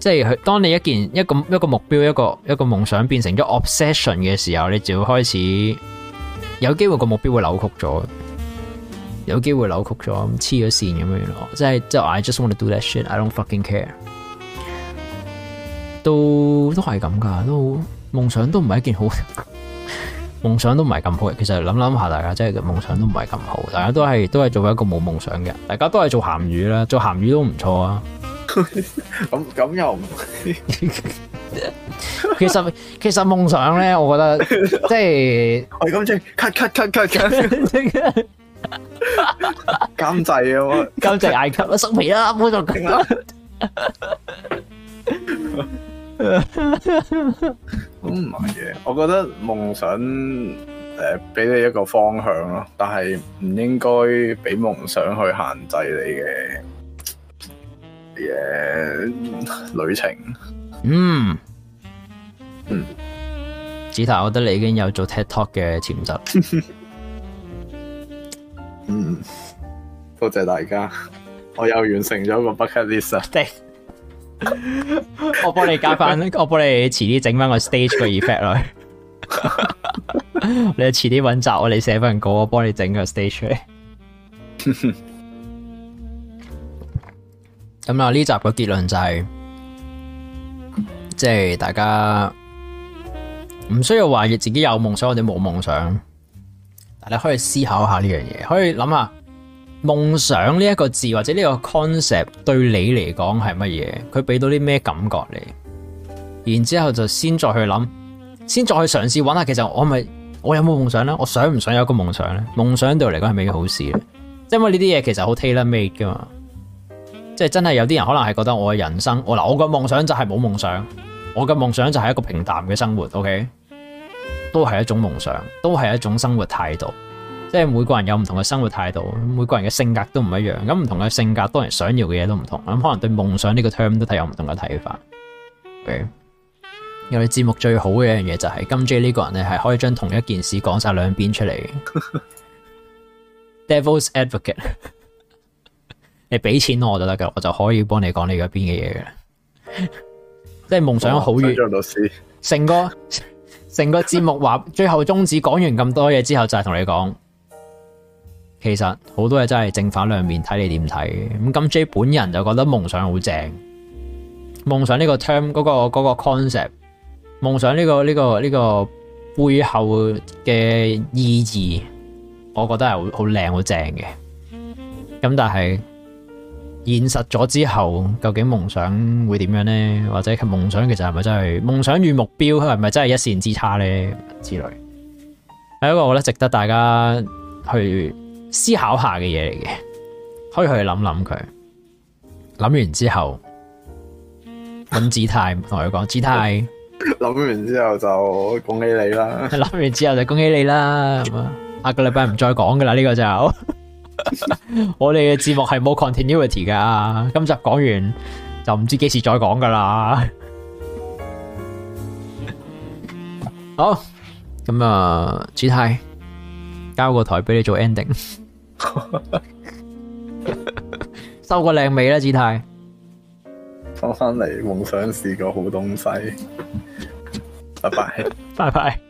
即係當你一件一個一個目標一個一個夢想變成咗 obsession 嘅時候，你就會開始有機會個目標會扭曲咗，有機會扭曲咗，黐咗線咁樣咯。即係即係，I just want to do that shit, I don't fucking care。都都係咁噶，都夢想都唔係一件好夢 *laughs* 想都唔係咁好嘅。其實諗諗下，大家真係夢想都唔係咁好。大家都係都係做一個冇夢想嘅，大家都係做鹹魚啦，做鹹魚都唔錯啊。咁 *laughs* 咁又唔 *laughs* ？其實其實夢想咧，我覺得即係我咁即係 cut cut 監製啊！監製埃及啦，收皮啦，唔好再講啦。咁唔係嘅，我覺得夢想誒，俾、呃、你一個方向咯，但係唔應該俾夢想去限制你嘅。嘅旅程，嗯嗯，子譚，我覺得你已經有做 TED Talk 嘅潛質，嗯，多謝大家，我又完成咗個 bucket list 啊，我幫你加翻，我幫你遲啲整翻個 stage 個 effect 來，你遲啲搵集，我哋寫份稿，我幫你整個 stage 出嚟。咁、嗯、啦，呢集嘅結論就係、是，即係大家唔需要話自己有夢想，我哋冇夢想。但係你可以思考一下呢樣嘢，可以諗下夢想呢一個字或者呢個 concept 對你嚟講係乜嘢？佢俾到啲咩感覺你？然之後就先再去諗，先再去嘗試揾下。其實我咪我有冇夢想呢？我想唔想有一個夢想呢？夢想對我嚟講係咩好事呢？即因為呢啲嘢其實好 tailor made 噶嘛。即係真係有啲人可能係覺得我嘅人生，我嗱我嘅夢想就係冇夢想，我嘅夢想就係一個平淡嘅生活，OK，都係一種夢想，都係一種生活態度。即係每個人有唔同嘅生活態度，每個人嘅性格都唔一樣，咁唔同嘅性格，當然想要嘅嘢都唔同，咁可能對夢想呢個 term 都睇有唔同嘅睇法。OK，有啲節目最好嘅一樣嘢就係、是、金 J 呢個人咧，係可以將同一件事講晒兩邊出嚟 *laughs* ，Devil's Advocate。你畀錢我就得㗎，我就可以幫你講你嗰邊嘅嘢嘅，即係夢想好遠。成、哦、個成個節目話，最後終止講完咁多嘢之後，就係同你講，其實好多嘢真係正反兩面，睇你點睇嘅。咁金 J 本人就覺得夢想好正，夢想呢個 term 嗰個嗰個 concept，夢想呢個呢個呢個背後嘅意義，我覺得係好好靚好正嘅。咁但係。現實咗之後，究竟夢想會點樣呢？或者佢夢想其實係咪真係夢想與目標係咪真係一線之差呢？之類，係一個我覺得值得大家去思考下嘅嘢嚟嘅，可以去諗諗佢。諗完之後，揾 Gtai 同佢講：Gtai 諗 *laughs* 完之後就恭喜你啦！諗完之後就恭喜你啦！ *laughs* 下個禮拜唔再講噶啦，呢、這個就。 *laughs* 我哋嘅節目係冇 continuity 噶，今集講完就唔知幾時再講噶啦。好，咁啊，Gtai 交個台俾你做 ending， *laughs* *laughs* 收個靚尾啦，Gtai。放返嚟，夢想是個好東西。 *laughs* 拜拜，拜拜。